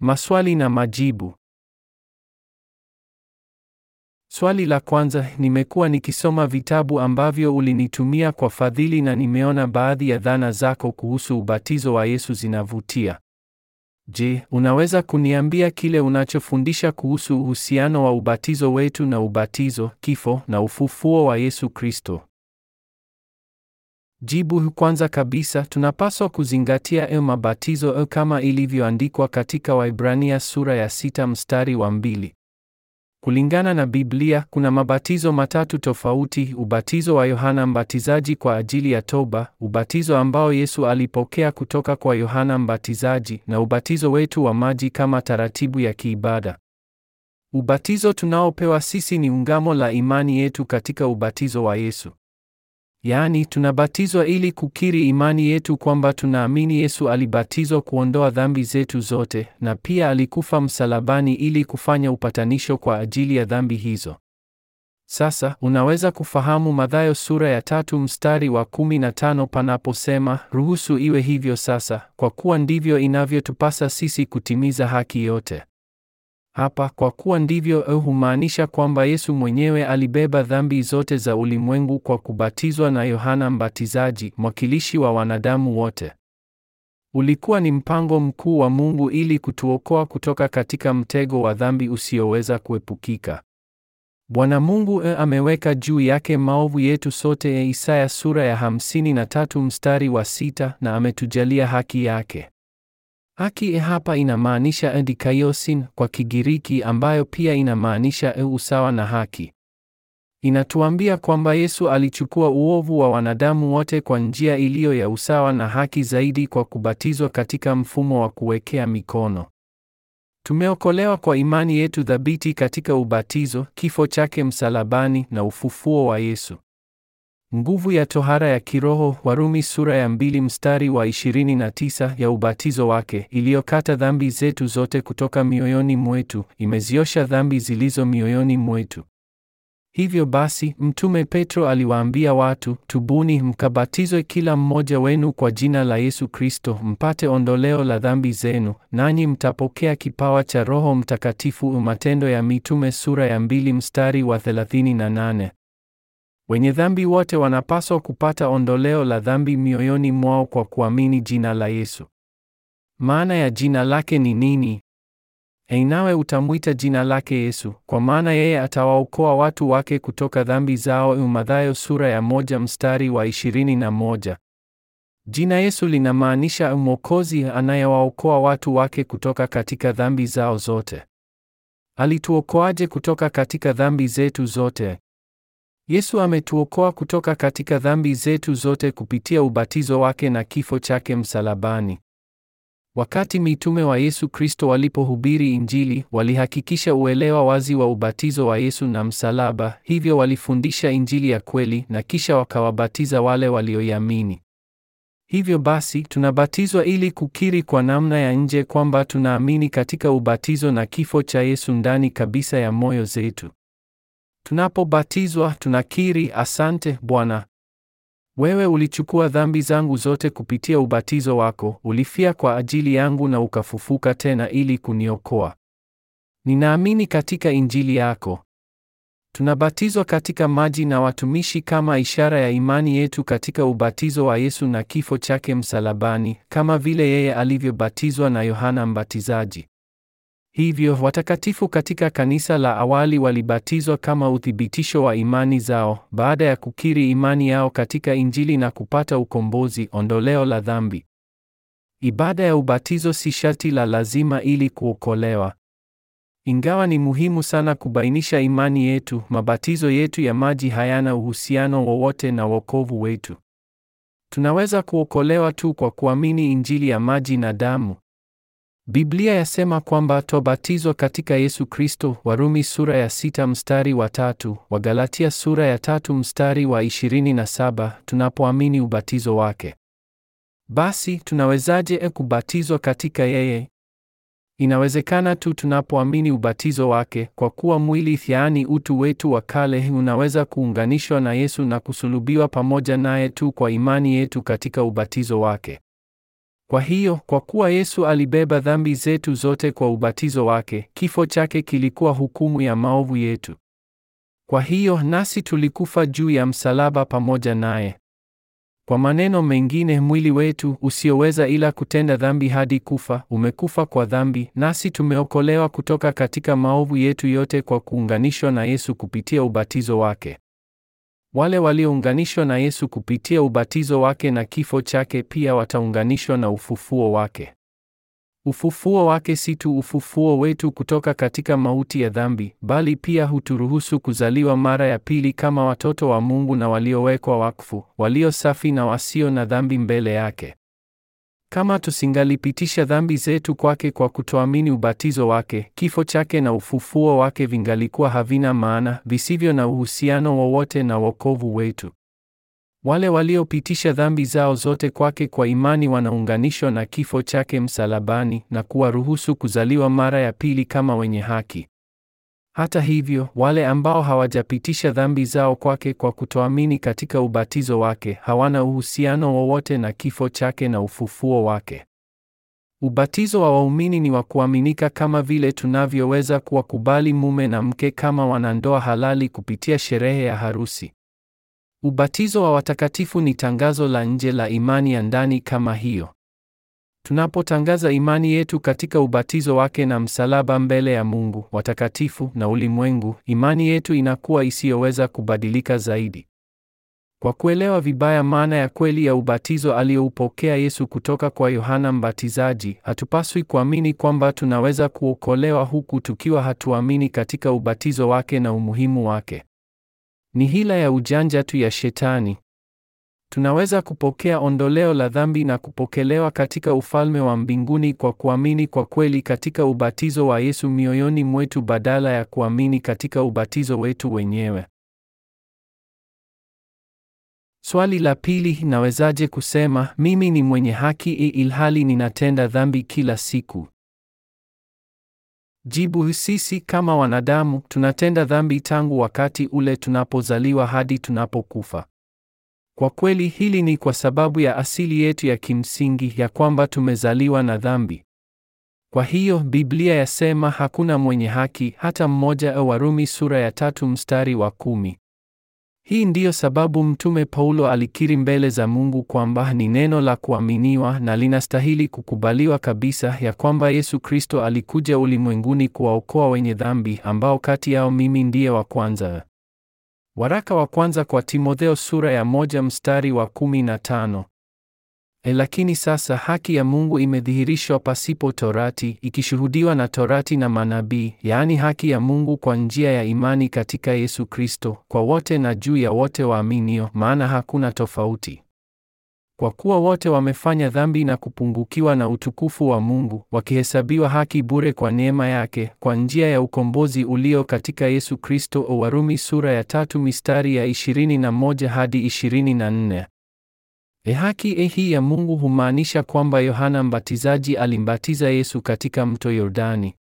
Maswali na majibu. Swali la kwanza, nimekuwa nikisoma vitabu ambavyo ulinitumia kwa fadhili na nimeona baadhi ya dhana zako kuhusu ubatizo wa Yesu zinavutia. Je, unaweza kuniambia kile unachofundisha kuhusu uhusiano wa ubatizo wetu na ubatizo, kifo na ufufuo wa Yesu Kristo? Jibu: kwanza kabisa tunapaswa kuzingatia e mabatizo e kama ilivyoandikwa katika Waibrania sura ya sita mstari wa mbili. Kulingana na Biblia kuna mabatizo matatu tofauti: ubatizo wa Yohana Mbatizaji kwa ajili ya toba, ubatizo ambao Yesu alipokea kutoka kwa Yohana Mbatizaji, na ubatizo wetu wa maji kama taratibu ya kiibada. Ubatizo tunaopewa sisi ni ungamo la imani yetu katika ubatizo wa Yesu. Yaani, tunabatizwa ili kukiri imani yetu kwamba tunaamini Yesu alibatizwa kuondoa dhambi zetu zote, na pia alikufa msalabani ili kufanya upatanisho kwa ajili ya dhambi hizo. Sasa unaweza kufahamu Mathayo sura ya tatu mstari wa 15 panaposema, ruhusu iwe hivyo sasa, kwa kuwa ndivyo inavyotupasa sisi kutimiza haki yote hapa, kwa kuwa ndivyo e, humaanisha kwamba Yesu mwenyewe alibeba dhambi zote za ulimwengu kwa kubatizwa na Yohana Mbatizaji, mwakilishi wa wanadamu wote. Ulikuwa ni mpango mkuu wa Mungu ili kutuokoa kutoka katika mtego wa dhambi usioweza kuepukika. Bwana Mungu e ameweka juu yake maovu yetu sote, e Isaya sura ya 53 mstari wa sita, na ametujalia haki yake. Haki hapa inamaanisha dikaiosin kwa Kigiriki, ambayo pia inamaanisha e usawa na haki. Inatuambia kwamba Yesu alichukua uovu wa wanadamu wote kwa njia iliyo ya usawa na haki zaidi kwa kubatizwa katika mfumo wa kuwekea mikono. Tumeokolewa kwa imani yetu thabiti katika ubatizo, kifo chake msalabani na ufufuo wa Yesu. Nguvu ya tohara ya kiroho Warumi sura ya mbili mstari wa 29 ya ubatizo wake iliyokata dhambi zetu zote kutoka mioyoni mwetu imeziosha dhambi zilizo mioyoni mwetu. Hivyo basi mtume Petro aliwaambia watu, tubuni mkabatizwe kila mmoja wenu kwa jina la Yesu Kristo mpate ondoleo la dhambi zenu, nanyi mtapokea kipawa cha Roho Mtakatifu. Matendo ya Mitume sura ya mbili mstari wa 38. Wenye dhambi wote wanapaswa kupata ondoleo la dhambi mioyoni mwao kwa kuamini jina la Yesu. Maana ya jina lake ni nini? Einawe utamwita jina lake Yesu, kwa maana yeye atawaokoa watu wake kutoka dhambi zao. Mathayo sura ya moja mstari wa ishirini na moja. Jina Yesu linamaanisha Mwokozi anayewaokoa watu wake kutoka katika dhambi zao zote. Alituokoaje kutoka katika dhambi zetu zote? Yesu ametuokoa kutoka katika dhambi zetu zote kupitia ubatizo wake na kifo chake msalabani. Wakati mitume wa Yesu Kristo walipohubiri Injili, walihakikisha uelewa wazi wa ubatizo wa Yesu na msalaba, hivyo walifundisha Injili ya kweli na kisha wakawabatiza wale walioiamini. Hivyo basi, tunabatizwa ili kukiri kwa namna ya nje kwamba tunaamini katika ubatizo na kifo cha Yesu ndani kabisa ya moyo zetu. Tunapobatizwa tunakiri, asante Bwana, wewe ulichukua dhambi zangu zote kupitia ubatizo wako, ulifia kwa ajili yangu na ukafufuka tena ili kuniokoa. Ninaamini katika injili yako. Tunabatizwa katika maji na watumishi kama ishara ya imani yetu katika ubatizo wa Yesu na kifo chake msalabani, kama vile yeye alivyobatizwa na Yohana Mbatizaji. Hivyo watakatifu katika kanisa la awali walibatizwa kama uthibitisho wa imani zao baada ya kukiri imani yao katika Injili na kupata ukombozi, ondoleo la dhambi. Ibada ya ubatizo si sharti la lazima ili kuokolewa. Ingawa ni muhimu sana kubainisha imani yetu, mabatizo yetu ya maji hayana uhusiano wowote na wokovu wetu. Tunaweza kuokolewa tu kwa kuamini Injili ya maji na damu. Biblia yasema kwamba twabatizwa katika Yesu Kristo, Warumi sura ya sita mstari wa tatu, Wagalatia sura ya tatu mstari wa ishirini na saba, tunapoamini ubatizo wake. Basi tunawezaje kubatizwa katika yeye? Inawezekana tu tunapoamini ubatizo wake, kwa kuwa mwili, yaani utu wetu wa kale, unaweza kuunganishwa na Yesu na kusulubiwa pamoja naye tu kwa imani yetu katika ubatizo wake. Kwa hiyo, kwa kuwa Yesu alibeba dhambi zetu zote kwa ubatizo wake, kifo chake kilikuwa hukumu ya maovu yetu. Kwa hiyo nasi tulikufa juu ya msalaba pamoja naye. Kwa maneno mengine, mwili wetu usioweza ila kutenda dhambi hadi kufa umekufa kwa dhambi, nasi tumeokolewa kutoka katika maovu yetu yote kwa kuunganishwa na Yesu kupitia ubatizo wake. Wale waliounganishwa na Yesu kupitia ubatizo wake na kifo chake pia wataunganishwa na ufufuo wake. Ufufuo wake si tu ufufuo wetu kutoka katika mauti ya dhambi, bali pia huturuhusu kuzaliwa mara ya pili kama watoto wa Mungu na waliowekwa wakfu, walio safi na wasio na dhambi mbele yake. Kama tusingalipitisha dhambi zetu kwake kwa kutoamini ubatizo wake, kifo chake na ufufuo wake vingalikuwa havina maana, visivyo na uhusiano wowote na wokovu wetu. Wale waliopitisha dhambi zao zote kwake kwa imani wanaunganishwa na kifo chake msalabani na kuwaruhusu kuzaliwa mara ya pili kama wenye haki. Hata hivyo, wale ambao hawajapitisha dhambi zao kwake kwa kutoamini katika ubatizo wake hawana uhusiano wowote na kifo chake na ufufuo wake. Ubatizo wa waumini ni wa kuaminika kama vile tunavyoweza kuwakubali mume na mke kama wanandoa halali kupitia sherehe ya harusi. Ubatizo wa watakatifu ni tangazo la nje la imani ya ndani kama hiyo. Tunapotangaza imani yetu katika ubatizo wake na msalaba mbele ya Mungu, watakatifu na ulimwengu, imani yetu inakuwa isiyoweza kubadilika zaidi. Kwa kuelewa vibaya maana ya kweli ya ubatizo aliyoupokea Yesu kutoka kwa Yohana Mbatizaji, hatupaswi kuamini kwamba tunaweza kuokolewa huku tukiwa hatuamini katika ubatizo wake na umuhimu wake. Ni hila ya ujanja tu ya Shetani. Tunaweza kupokea ondoleo la dhambi na kupokelewa katika ufalme wa mbinguni kwa kuamini kwa kweli katika ubatizo wa Yesu mioyoni mwetu badala ya kuamini katika ubatizo wetu wenyewe. Swali la pili, nawezaje kusema mimi ni mwenye haki ilhali ninatenda dhambi kila siku? Jibu, sisi kama wanadamu tunatenda dhambi tangu wakati ule tunapozaliwa hadi tunapokufa. Kwa kweli hili ni kwa sababu ya asili yetu ya kimsingi ya kwamba tumezaliwa na dhambi. Kwa hiyo Biblia yasema hakuna mwenye haki hata mmoja, au e, Warumi sura ya tatu mstari wa kumi. Hii ndiyo sababu Mtume Paulo alikiri mbele za Mungu kwamba ni neno la kuaminiwa na linastahili kukubaliwa kabisa ya kwamba Yesu Kristo alikuja ulimwenguni kuwaokoa wenye dhambi ambao kati yao mimi ndiye wa kwanza. Waraka wa kwanza kwa Timotheo sura ya moja mstari wa kumi na tano. E, lakini sasa haki ya Mungu imedhihirishwa pasipo torati, ikishuhudiwa na torati na manabii, yaani haki ya Mungu kwa njia ya imani katika Yesu Kristo, kwa wote na juu ya wote waaminio, maana hakuna tofauti. Kwa kuwa wote wamefanya dhambi na kupungukiwa na utukufu wa Mungu, wakihesabiwa haki bure kwa neema yake kwa njia ya ukombozi ulio katika Yesu Kristo. Warumi sura ya tatu mistari ya 21 hadi 24. E, haki e, hii ya Mungu humaanisha kwamba Yohana Mbatizaji alimbatiza Yesu katika mto Yordani.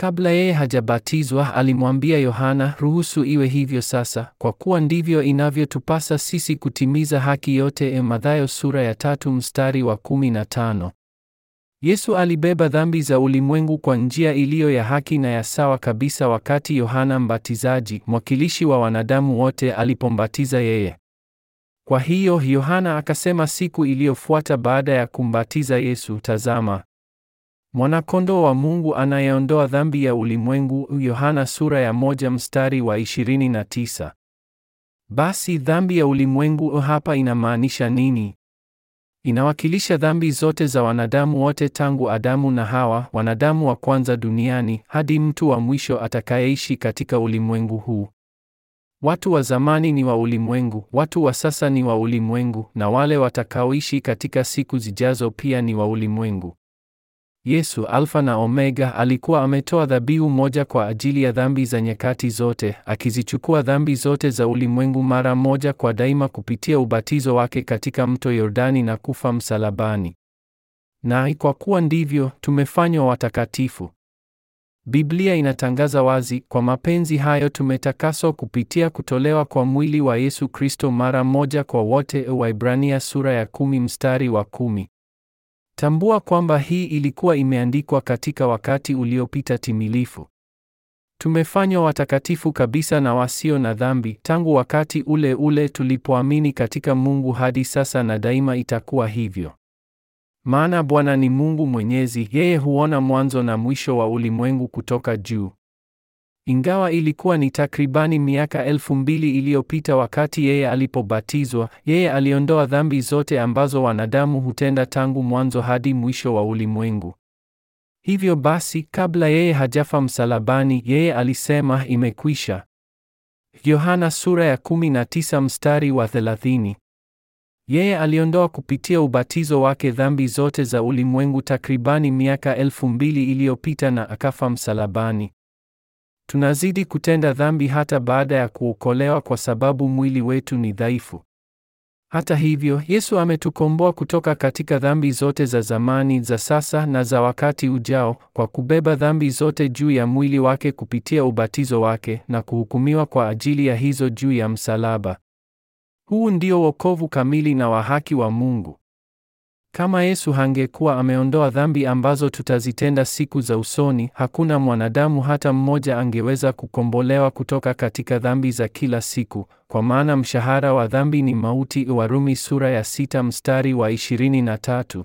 Kabla yeye hajabatizwa alimwambia Yohana, ruhusu iwe hivyo sasa, kwa kuwa ndivyo inavyotupasa sisi kutimiza haki yote. E, Mathayo sura ya tatu mstari wa tano. Yesu alibeba dhambi za ulimwengu kwa njia iliyo ya haki na ya sawa kabisa, wakati Yohana Mbatizaji, mwakilishi wa wanadamu wote, alipombatiza yeye. Kwa hiyo Yohana akasema siku iliyofuata baada ya kumbatiza Yesu, tazama Mwanakondoo wa Mungu anayeondoa dhambi ya ulimwengu, Yohana sura ya moja mstari wa 29. Basi dhambi ya ulimwengu hapa inamaanisha nini? Inawakilisha dhambi zote za wanadamu wote tangu Adamu na Hawa, wanadamu wa kwanza duniani, hadi mtu wa mwisho atakayeishi katika ulimwengu huu. Watu wa zamani ni wa ulimwengu, watu wa sasa ni wa ulimwengu, na wale watakaoishi katika siku zijazo pia ni wa ulimwengu. Yesu Alfa na Omega alikuwa ametoa dhabihu moja kwa ajili ya dhambi za nyakati zote, akizichukua dhambi zote za ulimwengu mara moja kwa daima kupitia ubatizo wake katika mto Yordani na kufa msalabani. Na kwa kuwa ndivyo, tumefanywa watakatifu. Biblia inatangaza wazi, kwa mapenzi hayo tumetakaswa kupitia kutolewa kwa mwili wa Yesu Kristo mara moja kwa wote, Waibrania sura ya kumi mstari wa kumi. Tambua kwamba hii ilikuwa imeandikwa katika wakati uliopita timilifu. Tumefanywa watakatifu kabisa na wasio na dhambi tangu wakati ule ule tulipoamini katika Mungu hadi sasa na daima itakuwa hivyo. Maana Bwana ni Mungu Mwenyezi, yeye huona mwanzo na mwisho wa ulimwengu kutoka juu. Ingawa ilikuwa ni takribani miaka elfu mbili iliyopita wakati yeye alipobatizwa, yeye aliondoa dhambi zote ambazo wanadamu hutenda tangu mwanzo hadi mwisho wa ulimwengu. Hivyo basi, kabla yeye hajafa msalabani, yeye alisema imekwisha. Yohana sura ya 19 mstari wa 30. Yeye aliondoa kupitia ubatizo wake dhambi zote za ulimwengu takribani miaka elfu mbili iliyopita na akafa msalabani. Tunazidi kutenda dhambi hata baada ya kuokolewa kwa sababu mwili wetu ni dhaifu. Hata hivyo, Yesu ametukomboa kutoka katika dhambi zote za zamani, za sasa na za wakati ujao kwa kubeba dhambi zote juu ya mwili wake kupitia ubatizo wake na kuhukumiwa kwa ajili ya hizo juu ya msalaba. Huu ndio wokovu kamili na wa haki wa Mungu. Kama Yesu hangekuwa ameondoa dhambi ambazo tutazitenda siku za usoni, hakuna mwanadamu hata mmoja angeweza kukombolewa kutoka katika dhambi za kila siku, kwa maana mshahara wa dhambi ni mauti. Warumi sura ya sita mstari wa 23.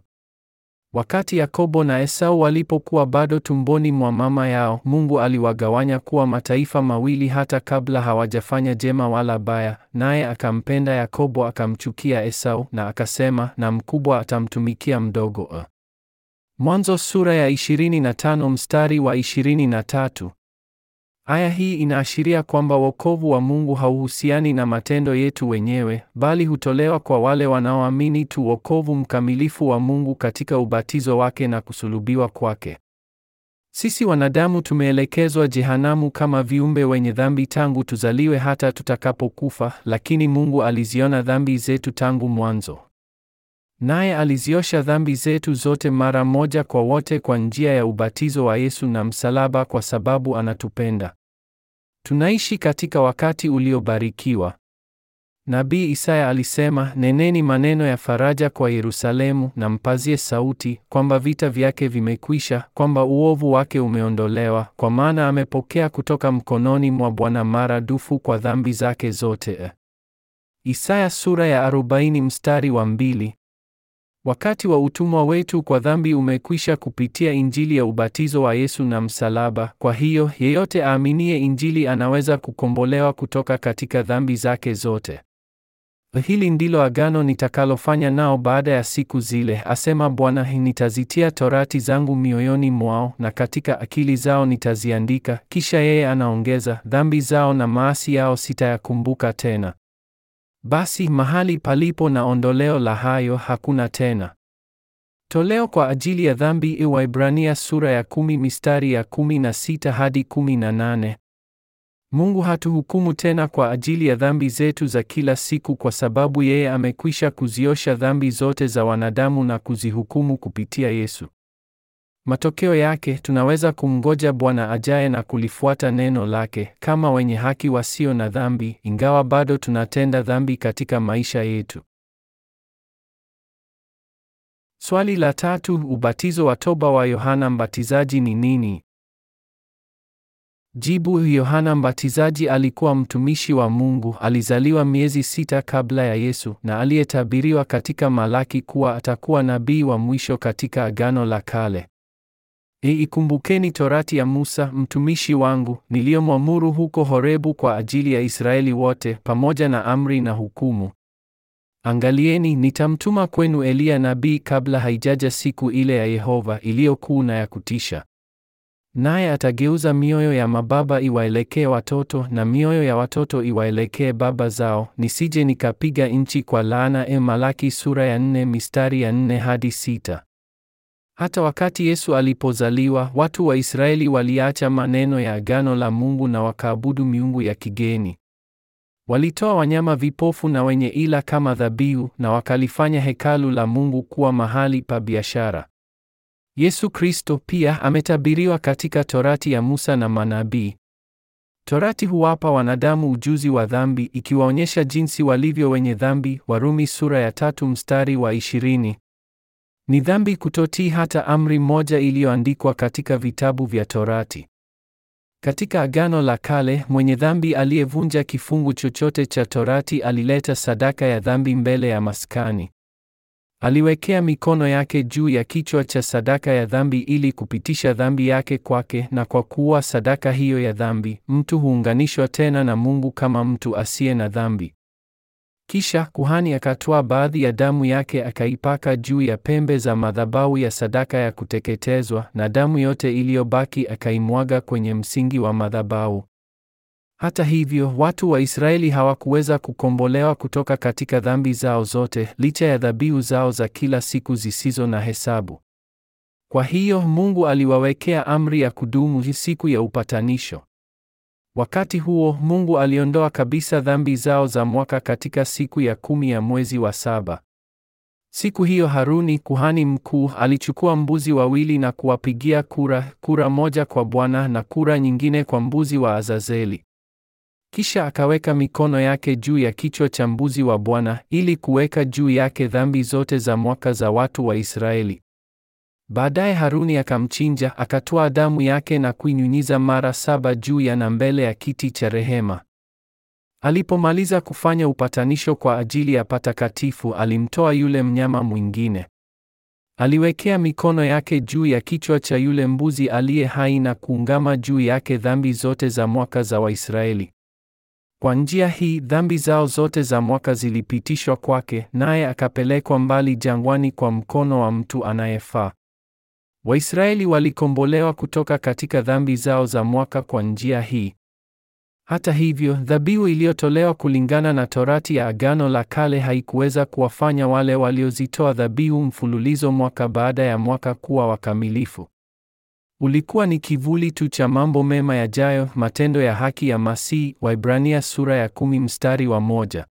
Wakati Yakobo na Esau walipokuwa bado tumboni mwa mama yao, Mungu aliwagawanya kuwa mataifa mawili hata kabla hawajafanya jema wala baya, naye akampenda Yakobo akamchukia Esau na akasema, na mkubwa atamtumikia mdogo. Mwanzo sura ya 25 mstari wa 23. Aya hii inaashiria kwamba wokovu wa Mungu hauhusiani na matendo yetu wenyewe, bali hutolewa kwa wale wanaoamini tu wokovu mkamilifu wa Mungu katika ubatizo wake na kusulubiwa kwake. Sisi wanadamu tumeelekezwa jehanamu kama viumbe wenye dhambi tangu tuzaliwe hata tutakapokufa, lakini Mungu aliziona dhambi zetu tangu mwanzo. Naye aliziosha dhambi zetu zote mara moja kwa wote kwa njia ya ubatizo wa Yesu na msalaba kwa sababu anatupenda. Tunaishi katika wakati uliobarikiwa. Nabii Isaya alisema, neneni maneno ya faraja kwa Yerusalemu na mpazie sauti kwamba vita vyake vimekwisha, kwamba uovu wake umeondolewa, kwa maana amepokea kutoka mkononi mwa Bwana maradufu kwa dhambi zake zote. Isaya sura ya 40 mstari wa mbili. Wakati wa utumwa wetu kwa dhambi umekwisha kupitia injili ya ubatizo wa Yesu na msalaba. Kwa hiyo, yeyote aaminie injili anaweza kukombolewa kutoka katika dhambi zake zote. Hili ndilo agano nitakalofanya nao baada ya siku zile, asema Bwana, nitazitia torati zangu mioyoni mwao na katika akili zao nitaziandika. Kisha yeye anaongeza, dhambi zao na maasi yao sitayakumbuka tena. Basi mahali palipo na ondoleo la hayo hakuna tena toleo kwa ajili ya dhambi. iwaibrania sura ya kumi mistari ya kumi na sita hadi kumi na nane. Mungu hatuhukumu tena kwa ajili ya dhambi zetu za kila siku, kwa sababu yeye amekwisha kuziosha dhambi zote za wanadamu na kuzihukumu kupitia Yesu. Matokeo yake tunaweza kumngoja Bwana ajaye na kulifuata neno lake kama wenye haki wasio na dhambi, ingawa bado tunatenda dhambi katika maisha yetu. Swali la tatu: ubatizo wa toba wa Yohana Mbatizaji ni nini? Jibu: Yohana Mbatizaji alikuwa mtumishi wa Mungu, alizaliwa miezi sita kabla ya Yesu na aliyetabiriwa katika Malaki kuwa atakuwa nabii wa mwisho katika Agano la Kale. Iikumbukeni torati ya Musa mtumishi wangu niliyomwamuru huko Horebu kwa ajili ya Israeli wote pamoja na amri na hukumu. Angalieni, nitamtuma kwenu Eliya nabii kabla haijaja siku ile ya Yehova iliyokuu na ya kutisha. Naye atageuza mioyo ya mababa iwaelekee watoto na mioyo ya watoto iwaelekee baba zao, nisije nikapiga nchi kwa laana. E, Malaki sura ya nne mistari ya nne hadi sita. Hata wakati Yesu alipozaliwa, watu wa Israeli waliacha maneno ya agano la Mungu na wakaabudu miungu ya kigeni. Walitoa wanyama vipofu na wenye ila kama dhabihu na wakalifanya hekalu la Mungu kuwa mahali pa biashara. Yesu Kristo pia ametabiriwa katika Torati ya Musa na manabii. Torati huwapa wanadamu ujuzi wa dhambi ikiwaonyesha jinsi walivyo wenye dhambi, Warumi sura ya tatu mstari wa ishirini. Ni dhambi kutotii hata amri moja iliyoandikwa katika vitabu vya Torati. Katika Agano la Kale, mwenye dhambi aliyevunja kifungu chochote cha Torati alileta sadaka ya dhambi mbele ya maskani. Aliwekea mikono yake juu ya kichwa cha sadaka ya dhambi ili kupitisha dhambi yake kwake, na kwa kuwa sadaka hiyo ya dhambi, mtu huunganishwa tena na Mungu kama mtu asiye na dhambi. Kisha kuhani akatoa baadhi ya damu yake akaipaka juu ya pembe za madhabahu ya sadaka ya kuteketezwa, na damu yote iliyobaki akaimwaga kwenye msingi wa madhabahu. Hata hivyo, watu wa Israeli hawakuweza kukombolewa kutoka katika dhambi zao zote, licha ya dhabihu zao za kila siku zisizo na hesabu. Kwa hiyo Mungu aliwawekea amri ya kudumu siku ya upatanisho. Wakati huo Mungu aliondoa kabisa dhambi zao za mwaka katika siku ya kumi ya mwezi wa saba. Siku hiyo Haruni kuhani mkuu alichukua mbuzi wawili na kuwapigia kura, kura moja kwa Bwana na kura nyingine kwa mbuzi wa Azazeli. Kisha akaweka mikono yake juu ya kichwa cha mbuzi wa Bwana ili kuweka juu yake dhambi zote za mwaka za watu wa Israeli. Baadaye Haruni akamchinja, akatoa damu yake na kuinyunyiza mara saba juu ya na mbele ya kiti cha rehema. Alipomaliza kufanya upatanisho kwa ajili ya patakatifu, alimtoa yule mnyama mwingine. Aliwekea mikono yake juu ya kichwa cha yule mbuzi aliye hai na kuungama juu yake dhambi zote za mwaka za Waisraeli. Kwa njia hii dhambi zao zote za mwaka zilipitishwa kwake, naye akapelekwa mbali jangwani kwa mkono wa mtu anayefaa. Waisraeli walikombolewa kutoka katika dhambi zao za mwaka kwa njia hii. Hata hivyo, dhabihu iliyotolewa kulingana na Torati ya Agano la Kale haikuweza kuwafanya wale waliozitoa dhabihu mfululizo mwaka baada ya mwaka kuwa wakamilifu. Ulikuwa ni kivuli tu cha mambo mema yajayo, matendo ya haki ya Masihi, Waibrania sura ya kumi mstari wa moja.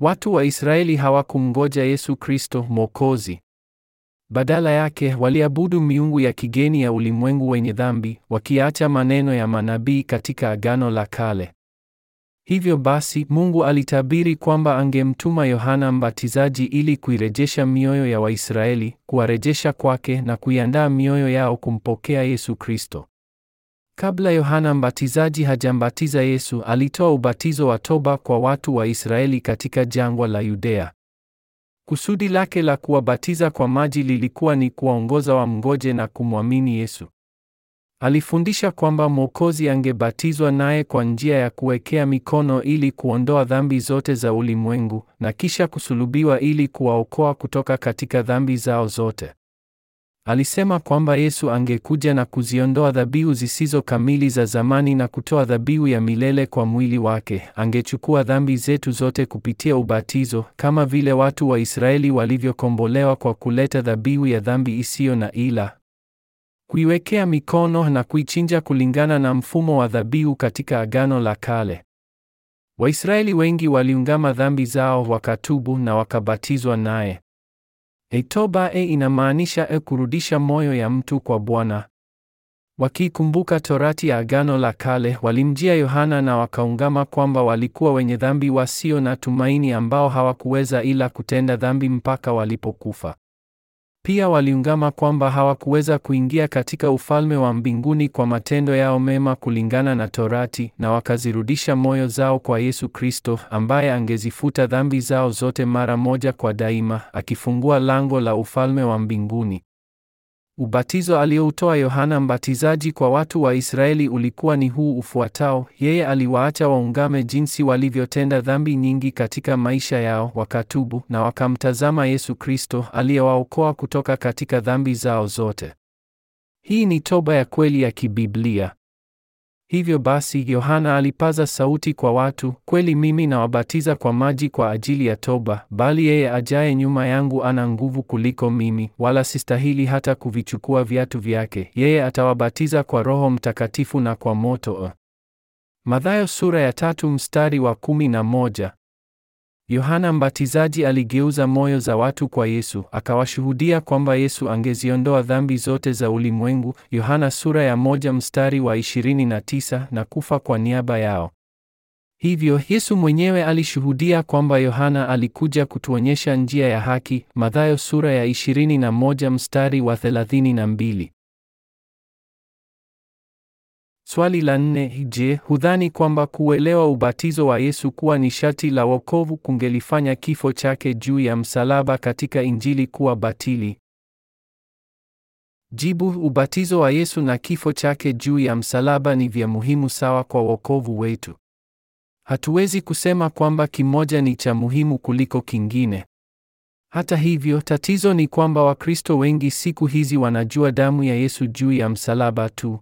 Watu wa Israeli hawakumngoja Yesu Kristo Mwokozi. Badala yake waliabudu miungu ya kigeni ya ulimwengu wenye dhambi, wakiacha maneno ya manabii katika Agano la Kale. Hivyo basi, Mungu alitabiri kwamba angemtuma Yohana Mbatizaji ili kuirejesha mioyo ya Waisraeli, kuwarejesha kwake na kuiandaa mioyo yao kumpokea Yesu Kristo. Kabla Yohana Mbatizaji hajambatiza Yesu, alitoa ubatizo wa toba kwa watu wa Israeli katika jangwa la Yudea. Kusudi lake la kuwabatiza kwa maji lilikuwa ni kuwaongoza wamngoje na kumwamini Yesu. Alifundisha kwamba Mwokozi angebatizwa naye kwa njia ya kuwekea mikono ili kuondoa dhambi zote za ulimwengu na kisha kusulubiwa ili kuwaokoa kutoka katika dhambi zao zote. Alisema kwamba Yesu angekuja na kuziondoa dhabihu zisizo kamili za zamani na kutoa dhabihu ya milele kwa mwili wake. Angechukua dhambi zetu zote kupitia ubatizo, kama vile watu wa Israeli walivyokombolewa kwa kuleta dhabihu ya dhambi isiyo na ila, kuiwekea mikono na kuichinja kulingana na mfumo wa dhabihu katika Agano la Kale. Waisraeli wengi waliungama dhambi zao, wakatubu na wakabatizwa naye. Etoba e inamaanisha e kurudisha moyo ya mtu kwa Bwana. Wakikumbuka torati ya agano la kale, walimjia Yohana na wakaungama kwamba walikuwa wenye dhambi wasio na tumaini ambao hawakuweza ila kutenda dhambi mpaka walipokufa. Pia waliungama kwamba hawakuweza kuingia katika ufalme wa mbinguni kwa matendo yao mema kulingana na Torati, na wakazirudisha moyo zao kwa Yesu Kristo ambaye angezifuta dhambi zao zote mara moja kwa daima, akifungua lango la ufalme wa mbinguni. Ubatizo alioutoa Yohana Mbatizaji kwa watu wa Israeli ulikuwa ni huu ufuatao: yeye aliwaacha waungame jinsi walivyotenda dhambi nyingi katika maisha yao, wakatubu na wakamtazama Yesu Kristo aliyewaokoa kutoka katika dhambi zao zote. Hii ni toba ya kweli ya kibiblia. Hivyo basi Yohana alipaza sauti kwa watu, kweli mimi nawabatiza kwa maji kwa ajili ya toba, bali yeye ajaye nyuma yangu ana nguvu kuliko mimi, wala sistahili hata kuvichukua viatu vyake. Yeye atawabatiza kwa Roho Mtakatifu na kwa moto. Mathayo sura ya tatu mstari wa kumi na moja. Yohana Mbatizaji aligeuza moyo za watu kwa Yesu, akawashuhudia kwamba Yesu angeziondoa dhambi zote za ulimwengu, Yohana sura ya moja mstari wa 29, na kufa kwa niaba yao. Hivyo Yesu mwenyewe alishuhudia kwamba Yohana alikuja kutuonyesha njia ya haki, Mathayo sura ya 21 mstari wa 32. Swali la nne: Je, hudhani kwamba kuelewa ubatizo wa Yesu kuwa ni sharti la wokovu kungelifanya kifo chake juu ya msalaba katika Injili kuwa batili? Jibu: ubatizo wa Yesu na kifo chake juu ya msalaba ni vya muhimu sawa kwa wokovu wetu. Hatuwezi kusema kwamba kimoja ni cha muhimu kuliko kingine. Hata hivyo, tatizo ni kwamba Wakristo wengi siku hizi wanajua damu ya Yesu juu ya msalaba tu,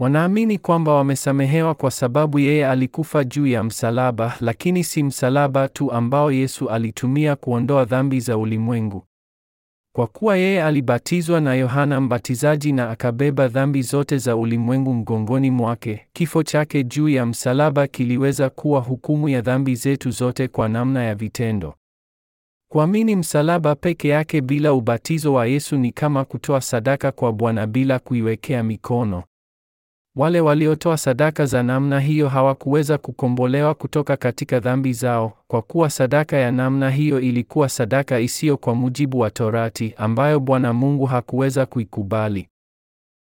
Wanaamini kwamba wamesamehewa kwa sababu yeye alikufa juu ya msalaba, lakini si msalaba tu ambao Yesu alitumia kuondoa dhambi za ulimwengu. Kwa kuwa yeye alibatizwa na Yohana Mbatizaji na akabeba dhambi zote za ulimwengu mgongoni mwake, kifo chake juu ya msalaba kiliweza kuwa hukumu ya dhambi zetu zote kwa namna ya vitendo. Kuamini msalaba peke yake bila ubatizo wa Yesu ni kama kutoa sadaka kwa Bwana bila kuiwekea mikono. Wale waliotoa sadaka za namna hiyo hawakuweza kukombolewa kutoka katika dhambi zao, kwa kuwa sadaka ya namna hiyo ilikuwa sadaka isiyo kwa mujibu wa Torati, ambayo Bwana Mungu hakuweza kuikubali.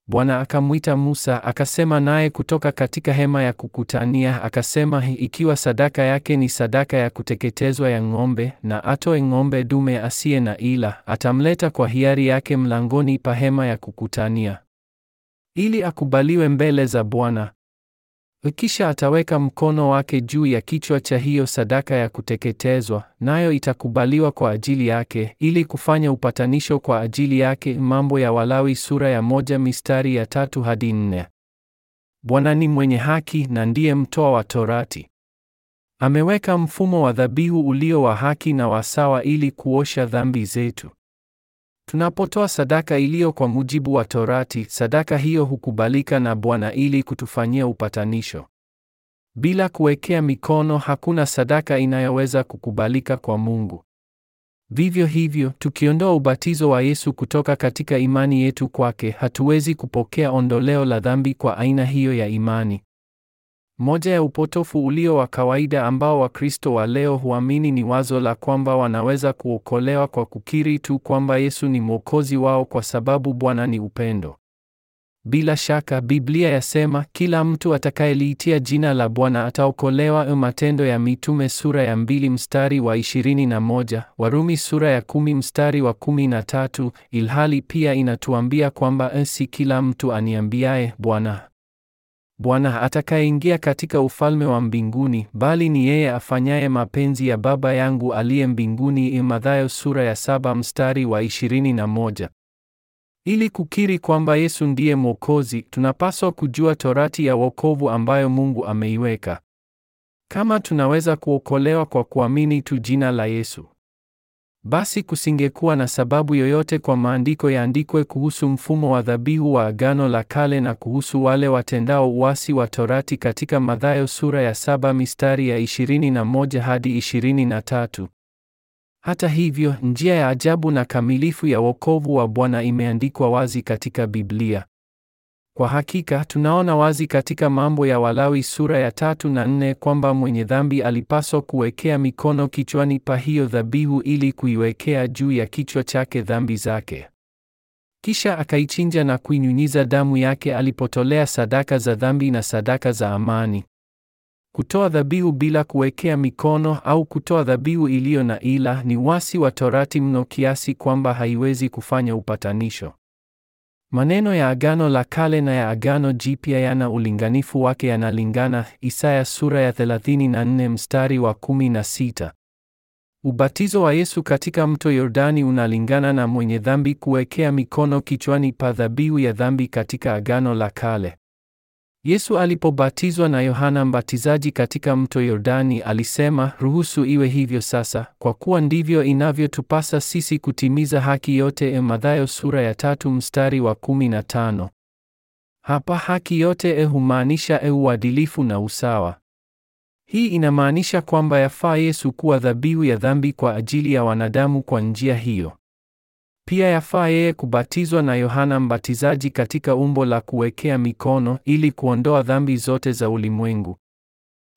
Bwana akamwita Musa, akasema naye kutoka katika hema ya kukutania, akasema, ikiwa sadaka yake ni sadaka ya kuteketezwa ya ng'ombe, na atoe ng'ombe dume asiye na ila, atamleta kwa hiari yake mlangoni pa hema ya kukutania ili akubaliwe mbele za Bwana. Kisha ataweka mkono wake juu ya kichwa cha hiyo sadaka ya kuteketezwa, nayo itakubaliwa kwa ajili yake, ili kufanya upatanisho kwa ajili yake. Mambo ya Walawi sura ya moja mistari ya tatu hadi nne. Bwana ni mwenye haki na ndiye mtoa wa Torati. Ameweka mfumo wa dhabihu ulio wa haki na wasawa ili kuosha dhambi zetu. Tunapotoa sadaka iliyo kwa mujibu wa Torati, sadaka hiyo hukubalika na Bwana ili kutufanyia upatanisho. Bila kuwekea mikono hakuna sadaka inayoweza kukubalika kwa Mungu. Vivyo hivyo, tukiondoa ubatizo wa Yesu kutoka katika imani yetu kwake, hatuwezi kupokea ondoleo la dhambi kwa aina hiyo ya imani. Moja ya upotofu ulio wa kawaida ambao Wakristo wa leo huamini ni wazo la kwamba wanaweza kuokolewa kwa kukiri tu kwamba Yesu ni Mwokozi wao kwa sababu Bwana ni upendo. Bila shaka Biblia yasema kila mtu atakayeliitia jina la Bwana ataokolewa. Matendo ya Mitume sura ya mbili mstari wa 21, Warumi sura ya kumi mstari wa 13, ilhali pia inatuambia kwamba eh, si kila mtu aniambiaye Bwana, Bwana atakayeingia katika ufalme wa mbinguni, bali ni yeye afanyaye mapenzi ya Baba yangu aliye mbinguni. Mathayo sura ya saba mstari wa 21. Ili kukiri kwamba Yesu ndiye Mwokozi, tunapaswa kujua torati ya wokovu ambayo Mungu ameiweka. Kama tunaweza kuokolewa kwa kuamini tu jina la Yesu, basi kusingekuwa na sababu yoyote kwa maandiko yaandikwe kuhusu mfumo wa dhabihu wa Agano la Kale na kuhusu wale watendao uasi wa Torati katika Mathayo sura ya saba mistari ya 21 hadi 23. Hata hivyo, njia ya ajabu na kamilifu ya wokovu wa Bwana imeandikwa wazi katika Biblia. Kwa hakika tunaona wazi katika Mambo ya Walawi sura ya tatu na nne kwamba mwenye dhambi alipaswa kuwekea mikono kichwani pa hiyo dhabihu ili kuiwekea juu ya kichwa chake dhambi zake. Kisha akaichinja na kuinyunyiza damu yake alipotolea sadaka za dhambi na sadaka za amani. Kutoa dhabihu bila kuwekea mikono au kutoa dhabihu iliyo na ila ni wasi wa Torati mno kiasi kwamba haiwezi kufanya upatanisho. Maneno ya Agano la Kale na ya Agano Jipya yana ulinganifu wake, yanalingana. Isaya sura ya 34 mstari wa 16. Ubatizo wa Yesu katika mto Yordani unalingana na mwenye dhambi kuwekea mikono kichwani pa dhabihu ya dhambi katika Agano la Kale. Yesu alipobatizwa na Yohana Mbatizaji katika mto Yordani, alisema, ruhusu iwe hivyo sasa, kwa kuwa ndivyo inavyotupasa sisi kutimiza haki yote. E, Mathayo sura ya tatu mstari wa 15. Hapa haki yote e humaanisha e uadilifu na usawa. Hii inamaanisha kwamba yafaa Yesu kuwa dhabihu ya dhambi kwa ajili ya wanadamu kwa njia hiyo. Pia yafaa yeye kubatizwa na Yohana Mbatizaji katika umbo la kuwekea mikono ili kuondoa dhambi zote za ulimwengu.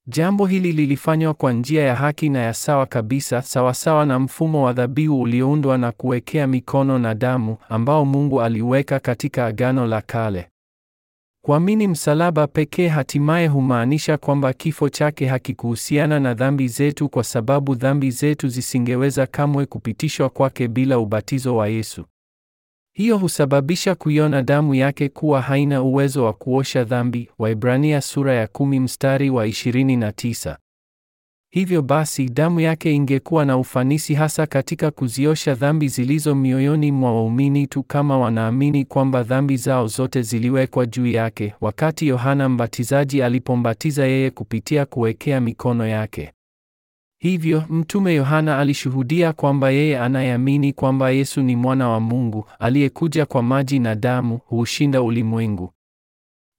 Jambo hili lilifanywa kwa njia ya haki na ya sawa kabisa, sawasawa na mfumo wa dhabihu ulioundwa na kuwekea mikono na damu ambao Mungu aliweka katika Agano la Kale. Kuamini msalaba pekee hatimaye humaanisha kwamba kifo chake hakikuhusiana na dhambi zetu kwa sababu dhambi zetu zisingeweza kamwe kupitishwa kwake bila ubatizo wa Yesu. Hiyo husababisha kuiona damu yake kuwa haina uwezo wa kuosha dhambi, Waibrania sura ya kumi mstari wa 29. Hivyo basi damu yake ingekuwa na ufanisi hasa katika kuziosha dhambi zilizo mioyoni mwa waumini tu kama wanaamini kwamba dhambi zao zote ziliwekwa juu yake wakati Yohana Mbatizaji alipombatiza yeye kupitia kuwekea mikono yake. Hivyo mtume Yohana alishuhudia kwamba yeye anayeamini kwamba Yesu ni mwana wa Mungu aliyekuja kwa maji na damu huushinda ulimwengu.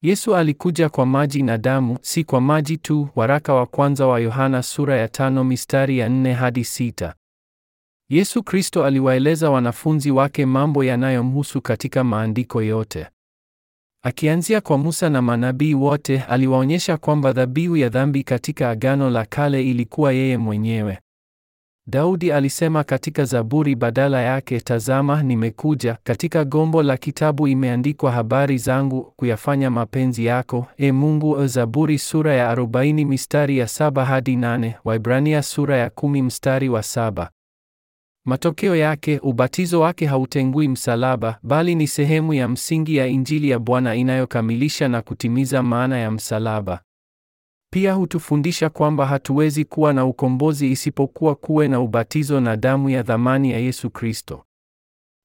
Yesu alikuja kwa maji na damu, si kwa maji tu. Waraka wa kwanza wa Yohana sura ya tano mistari ya nne hadi sita. Yesu Kristo aliwaeleza wanafunzi wake mambo yanayomhusu katika maandiko yote. Akianzia kwa Musa na manabii wote, aliwaonyesha kwamba dhabihu ya dhambi katika Agano la Kale ilikuwa yeye mwenyewe. Daudi alisema katika Zaburi badala yake, tazama nimekuja, katika gombo la kitabu imeandikwa habari zangu, kuyafanya mapenzi yako, e Mungu. Zaburi sura ya 40 mistari ya saba hadi nane, Waibrania sura ya kumi mstari wa saba. Matokeo yake, ubatizo wake hautengui msalaba, bali ni sehemu ya msingi ya Injili ya Bwana inayokamilisha na kutimiza maana ya msalaba. Pia hutufundisha kwamba hatuwezi kuwa na ukombozi isipokuwa kuwe na ubatizo na damu ya dhamani ya Yesu Kristo.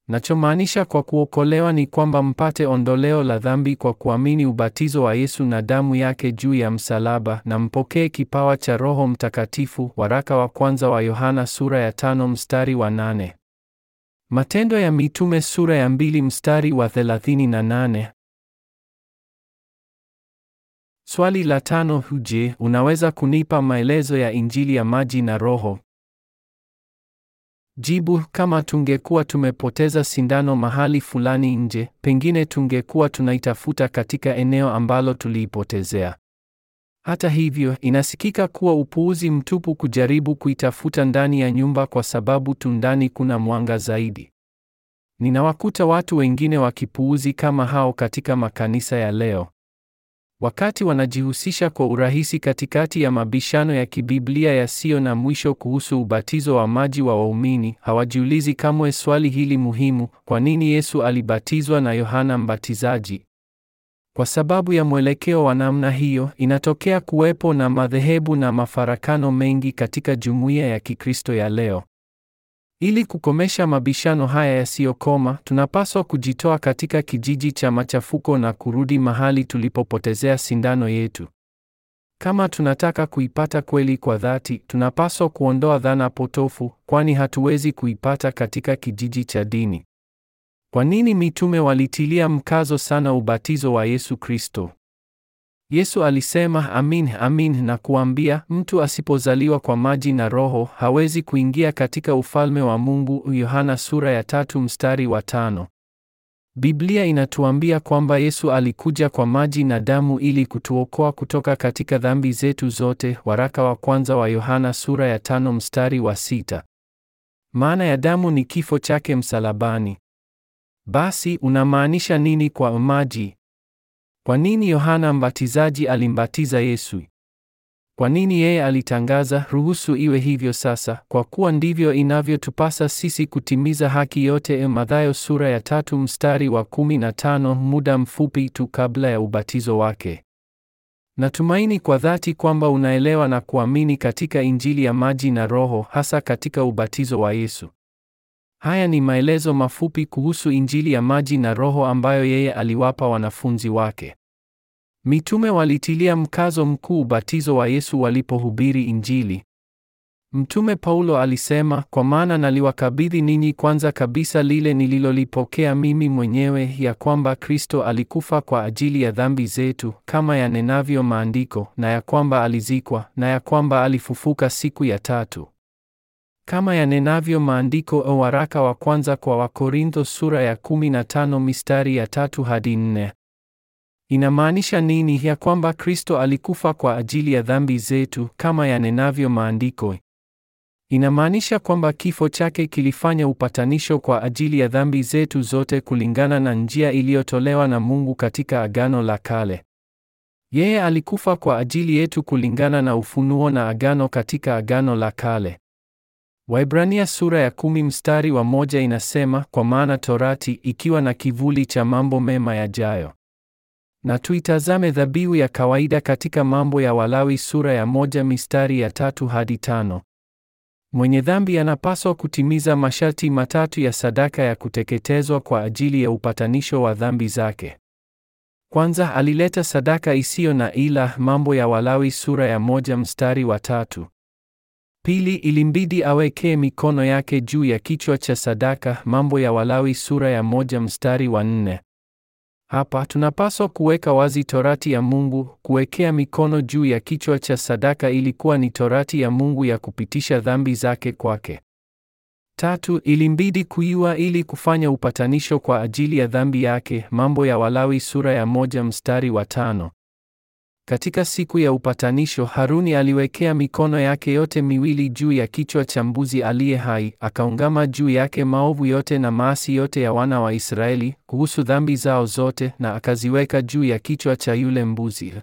Nachomaanisha kwa kuokolewa ni kwamba mpate ondoleo la dhambi kwa kuamini ubatizo wa Yesu na damu yake juu ya msalaba na mpokee kipawa cha Roho Mtakatifu, waraka wa kwanza wa Yohana sura ya tano mstari wa nane. Matendo ya Mitume sura ya mbili mstari wa thelathini na nane. Swali la tano: huje, unaweza kunipa maelezo ya injili ya maji na Roho? Jibu: kama tungekuwa tumepoteza sindano mahali fulani nje, pengine tungekuwa tunaitafuta katika eneo ambalo tuliipotezea. Hata hivyo, inasikika kuwa upuuzi mtupu kujaribu kuitafuta ndani ya nyumba kwa sababu tu ndani kuna mwanga zaidi. Ninawakuta watu wengine wakipuuzi kama hao katika makanisa ya leo. Wakati wanajihusisha kwa urahisi katikati ya mabishano ya kibiblia yasiyo na mwisho kuhusu ubatizo wa maji wa waumini, hawajiulizi kamwe swali hili muhimu, kwa nini Yesu alibatizwa na Yohana Mbatizaji? Kwa sababu ya mwelekeo wa namna hiyo, inatokea kuwepo na madhehebu na mafarakano mengi katika jumuiya ya Kikristo ya leo. Ili kukomesha mabishano haya yasiyokoma, tunapaswa kujitoa katika kijiji cha machafuko na kurudi mahali tulipopotezea sindano yetu. Kama tunataka kuipata kweli kwa dhati, tunapaswa kuondoa dhana potofu, kwani hatuwezi kuipata katika kijiji cha dini. Kwa nini mitume walitilia mkazo sana ubatizo wa Yesu Kristo? Yesu alisema, amin amin nakuambia, mtu asipozaliwa kwa maji na Roho hawezi kuingia katika ufalme wa Mungu. Yohana sura ya tatu mstari wa tano. Biblia inatuambia kwamba Yesu alikuja kwa maji na damu ili kutuokoa kutoka katika dhambi zetu zote. Waraka wa kwanza wa Yohana sura ya tano mstari wa sita. Maana ya damu ni kifo chake msalabani. Basi unamaanisha nini kwa maji? Kwa nini Yohana Mbatizaji alimbatiza Yesu? Kwa nini yeye alitangaza, ruhusu iwe hivyo sasa, kwa kuwa ndivyo inavyotupasa sisi kutimiza haki yote? Mathayo sura ya tatu mstari wa 15, muda mfupi tu kabla ya ubatizo wake. Natumaini kwa dhati kwamba unaelewa na kuamini katika Injili ya maji na Roho, hasa katika ubatizo wa Yesu. Haya ni maelezo mafupi kuhusu Injili ya maji na Roho ambayo yeye aliwapa wanafunzi wake. Mitume walitilia mkazo mkuu ubatizo wa Yesu walipohubiri Injili. Mtume Paulo alisema, kwa maana naliwakabidhi ninyi kwanza kabisa lile nililolipokea mimi mwenyewe, ya kwamba Kristo alikufa kwa ajili ya dhambi zetu, kama yanenavyo maandiko, na ya kwamba alizikwa, na ya kwamba alifufuka siku ya tatu kama yanenavyo maandiko. O, waraka wa kwanza kwa Wakorintho sura ya 15 mistari ya tatu hadi nne. Inamaanisha nini? Ya kwamba Kristo alikufa kwa ajili ya dhambi zetu kama yanenavyo maandiko. Inamaanisha kwamba kifo chake kilifanya upatanisho kwa ajili ya dhambi zetu zote kulingana na njia iliyotolewa na Mungu katika Agano la Kale. Yeye alikufa kwa ajili yetu kulingana na ufunuo na agano katika Agano la Kale. Waibrania sura ya kumi mstari wa moja inasema, kwa maana torati ikiwa na kivuli cha mambo mema yajayo. Na tuitazame dhabihu ya kawaida katika mambo ya Walawi sura ya moja mistari ya tatu hadi tano. Mwenye dhambi anapaswa kutimiza masharti matatu ya sadaka ya kuteketezwa kwa ajili ya upatanisho wa dhambi zake. Kwanza, alileta sadaka isiyo na ila, mambo ya Walawi sura ya moja mstari wa tatu. Pili, ilimbidi awekee mikono yake juu ya kichwa cha sadaka, Mambo ya Walawi sura ya moja mstari wa nne. Hapa tunapaswa kuweka wazi torati ya Mungu. Kuwekea mikono juu ya kichwa cha sadaka ilikuwa ni torati ya Mungu ya kupitisha dhambi zake kwake. Tatu, ilimbidi kuiwa ili kufanya upatanisho kwa ajili ya dhambi yake, Mambo ya Walawi sura ya moja mstari wa tano. Katika siku ya upatanisho, Haruni aliwekea mikono yake yote miwili juu ya kichwa cha mbuzi aliye hai, akaungama juu yake maovu yote na maasi yote ya wana wa Israeli kuhusu dhambi zao zote, na akaziweka juu ya kichwa cha yule mbuzi.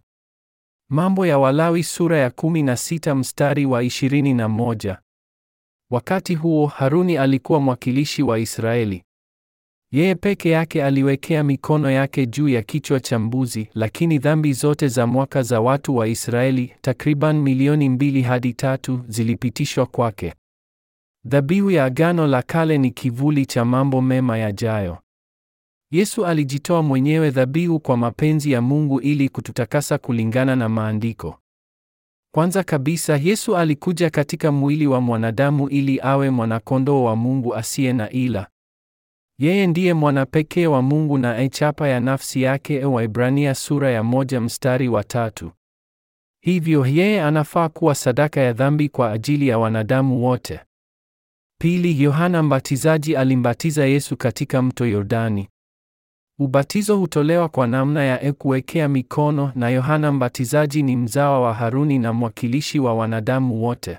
Mambo ya Walawi sura ya 16 mstari wa 21. Wakati huo Haruni alikuwa mwakilishi wa Israeli. Yeye peke yake aliwekea mikono yake juu ya kichwa cha mbuzi, lakini dhambi zote za mwaka za watu wa Israeli, takriban milioni mbili hadi tatu, zilipitishwa kwake. Dhabihu ya Agano la Kale ni kivuli cha mambo mema yajayo. Yesu alijitoa mwenyewe dhabihu kwa mapenzi ya Mungu ili kututakasa kulingana na maandiko. Kwanza kabisa, Yesu alikuja katika mwili wa mwanadamu ili awe mwanakondoo wa Mungu asiye na ila. Yeye ndiye mwana pekee wa Mungu na aichapa ya nafsi yake e Waibrania sura ya moja mstari wa tatu. Hivyo yeye anafaa kuwa sadaka ya dhambi kwa ajili ya wanadamu wote. Pili, Yohana Mbatizaji alimbatiza Yesu katika mto Yordani. Ubatizo hutolewa kwa namna ya e kuwekea mikono na Yohana Mbatizaji ni mzawa wa Haruni na mwakilishi wa wanadamu wote.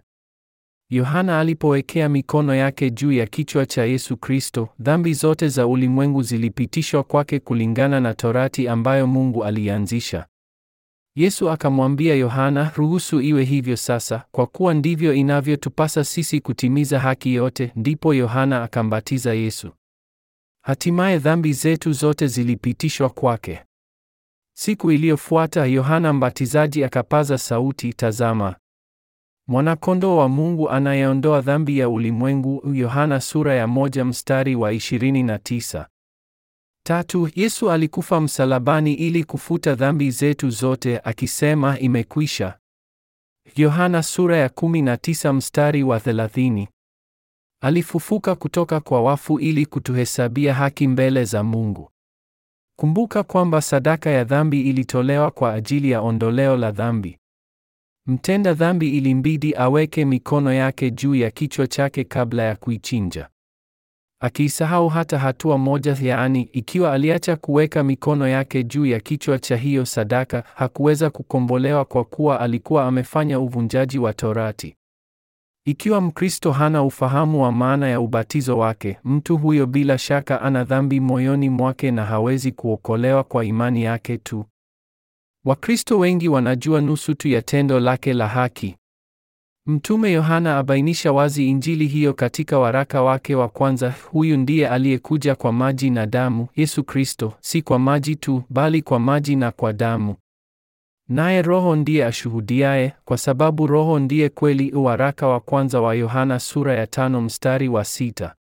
Yohana alipowekea mikono yake juu ya kichwa cha Yesu Kristo, dhambi zote za ulimwengu zilipitishwa kwake kulingana na Torati ambayo Mungu alianzisha. Yesu akamwambia Yohana, ruhusu iwe hivyo sasa, kwa kuwa ndivyo inavyotupasa sisi kutimiza haki yote. Ndipo Yohana akambatiza Yesu. Hatimaye dhambi zetu zote zilipitishwa kwake. Siku iliyofuata Yohana Mbatizaji akapaza sauti, tazama, Mwanakondoo wa Mungu anayeondoa dhambi ya ulimwengu, Yohana sura ya moja mstari wa 29. Tatu, Yesu alikufa msalabani ili kufuta dhambi zetu zote akisema imekwisha. Yohana sura ya 19 mstari wa 30. Alifufuka kutoka kwa wafu ili kutuhesabia haki mbele za Mungu. Kumbuka kwamba sadaka ya dhambi ilitolewa kwa ajili ya ondoleo la dhambi. Mtenda dhambi ilimbidi aweke mikono yake juu ya kichwa chake kabla ya kuichinja, akiisahau hata hatua moja, yaani ikiwa aliacha kuweka mikono yake juu ya kichwa cha hiyo sadaka, hakuweza kukombolewa kwa kuwa alikuwa amefanya uvunjaji wa Torati. Ikiwa Mkristo hana ufahamu wa maana ya ubatizo wake, mtu huyo bila shaka ana dhambi moyoni mwake na hawezi kuokolewa kwa imani yake tu. Wakristo wengi wanajua nusu tu ya tendo lake la haki. Mtume Yohana abainisha wazi injili hiyo katika waraka wake wa kwanza. Huyu ndiye aliyekuja kwa maji na damu, Yesu Kristo, si kwa maji tu, bali kwa maji na kwa damu. Naye Roho ndiye ashuhudiaye, kwa sababu Roho ndiye kweli. Waraka wa kwanza wa Yohana sura ya tano mstari wa sita.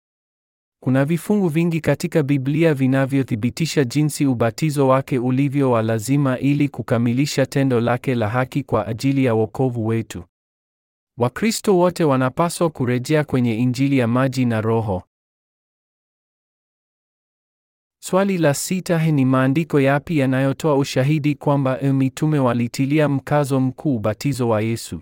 Kuna vifungu vingi katika Biblia vinavyothibitisha jinsi ubatizo wake ulivyo wa lazima ili kukamilisha tendo lake la haki kwa ajili ya wokovu wetu. Wakristo wote wanapaswa kurejea kwenye Injili ya maji na Roho. Swali la sita ni maandiko yapi yanayotoa ushahidi kwamba e, mitume walitilia mkazo mkuu ubatizo wa Yesu?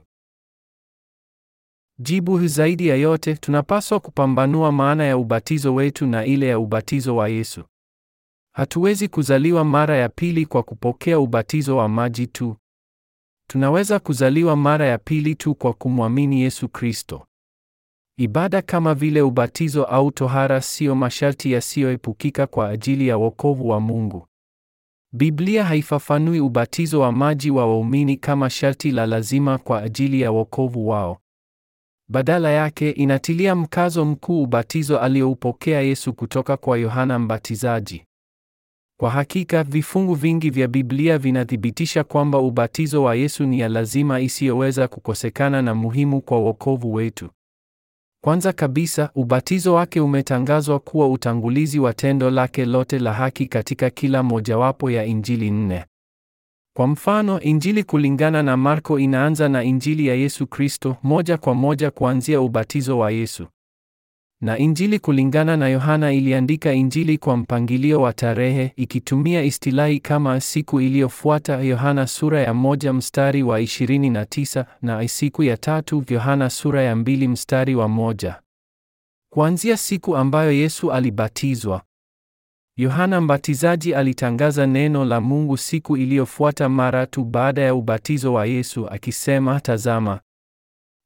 Jibu zaidi ya yote, tunapaswa kupambanua maana ya ubatizo wetu na ile ya ubatizo wa Yesu. Hatuwezi kuzaliwa mara ya pili kwa kupokea ubatizo wa maji tu. Tunaweza kuzaliwa mara ya pili tu kwa kumwamini Yesu Kristo. Ibada kama vile ubatizo au tohara sio masharti yasiyoepukika kwa ajili ya wokovu wa Mungu. Biblia haifafanui ubatizo wa maji wa waumini kama sharti la lazima kwa ajili ya wokovu wao. Badala yake inatilia mkazo mkuu ubatizo alioupokea Yesu kutoka kwa Yohana Mbatizaji. Kwa hakika vifungu vingi vya Biblia vinathibitisha kwamba ubatizo wa Yesu ni ya lazima isiyoweza kukosekana na muhimu kwa wokovu wetu. Kwanza kabisa, ubatizo wake umetangazwa kuwa utangulizi wa tendo lake lote la haki katika kila mojawapo ya Injili nne. Kwa mfano, Injili kulingana na Marko inaanza na Injili ya Yesu Kristo moja kwa moja kuanzia ubatizo wa Yesu. Na Injili kulingana na Yohana iliandika Injili kwa mpangilio wa tarehe ikitumia istilahi kama siku iliyofuata Yohana sura ya moja mstari wa 29 na siku ya tatu Yohana sura ya mbili mstari wa moja. Kuanzia siku ambayo Yesu alibatizwa Yohana Mbatizaji alitangaza neno la Mungu siku iliyofuata mara tu baada ya ubatizo wa Yesu akisema, tazama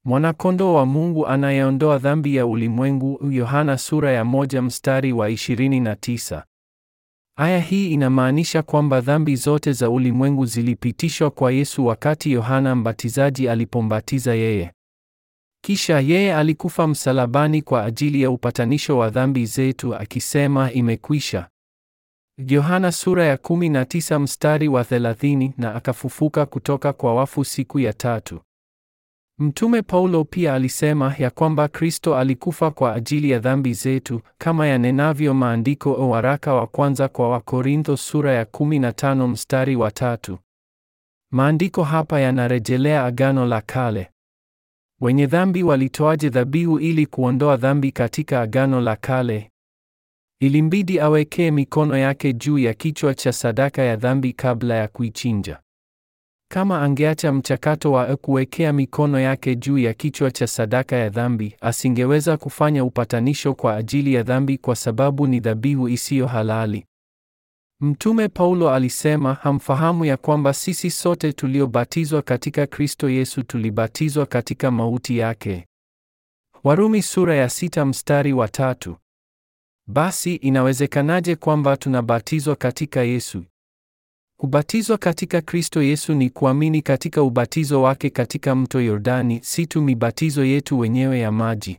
mwanakondoo wa Mungu anayeondoa dhambi ya ulimwengu. Yohana sura ya moja mstari wa 29. Aya hii inamaanisha kwamba dhambi zote za ulimwengu zilipitishwa kwa Yesu wakati Yohana Mbatizaji alipombatiza yeye. Kisha yeye alikufa msalabani kwa ajili ya upatanisho wa dhambi zetu akisema, imekwisha. Yohana sura ya 19 mstari wa 30 na akafufuka kutoka kwa wafu siku ya tatu. Mtume Paulo pia alisema ya kwamba Kristo alikufa kwa ajili ya dhambi zetu kama yanenavyo maandiko o waraka wa kwanza kwa Wakorintho sura ya 15 mstari wa tatu. Maandiko hapa yanarejelea Agano la Kale. Wenye dhambi walitoaje dhabihu ili kuondoa dhambi katika Agano la Kale? Ilimbidi awekee mikono yake juu ya kichwa cha sadaka ya dhambi kabla ya kuichinja. Kama angeacha mchakato wa kuwekea mikono yake juu ya kichwa cha sadaka ya dhambi, asingeweza kufanya upatanisho kwa ajili ya dhambi kwa sababu ni dhabihu isiyo halali. Mtume Paulo alisema, hamfahamu ya kwamba sisi sote tuliobatizwa katika Kristo Yesu tulibatizwa katika mauti yake. Warumi sura ya sita mstari wa tatu. Basi inawezekanaje kwamba tunabatizwa katika Yesu? Kubatizwa katika Kristo Yesu ni kuamini katika ubatizo wake katika mto Yordani, si tu mibatizo yetu wenyewe ya maji.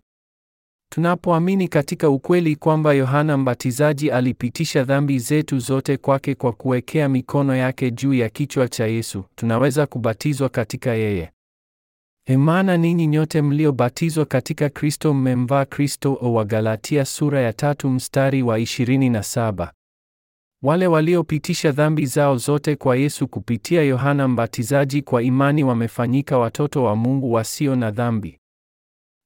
Tunapoamini katika ukweli kwamba Yohana Mbatizaji alipitisha dhambi zetu zote kwake kwa kuwekea mikono yake juu ya kichwa cha Yesu, tunaweza kubatizwa katika yeye. Maana ninyi nyote mliobatizwa katika Kristo mmemvaa Kristo. O, Wagalatia sura ya tatu mstari wa 27. Wale waliopitisha dhambi zao zote kwa Yesu kupitia Yohana Mbatizaji kwa imani wamefanyika watoto wa Mungu wasio na dhambi.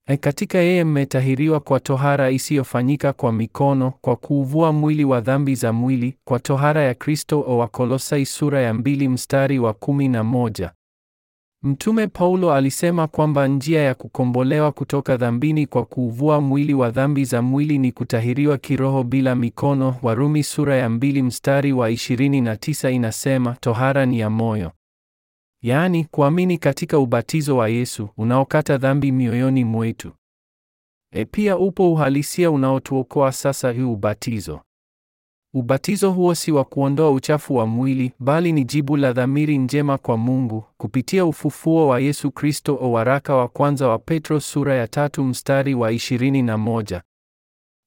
E, katika yeye mmetahiriwa kwa tohara isiyofanyika kwa mikono, kwa kuuvua mwili wa dhambi za mwili, kwa tohara ya Kristo. O, Wakolosai sura ya 2 mstari wa 11. Mtume Paulo alisema kwamba njia ya kukombolewa kutoka dhambini kwa kuuvua mwili wa dhambi za mwili ni kutahiriwa kiroho bila mikono. Warumi sura ya mbili mstari wa 29 inasema tohara ni ya moyo, yaani kuamini katika ubatizo wa Yesu unaokata dhambi mioyoni mwetu. E, pia upo uhalisia unaotuokoa sasa hii ubatizo. Ubatizo huo si wa kuondoa uchafu wa mwili, bali ni jibu la dhamiri njema kwa Mungu kupitia ufufuo wa Yesu Kristo. O, waraka wa kwanza wa Petro sura ya tatu mstari wa ishirini na moja.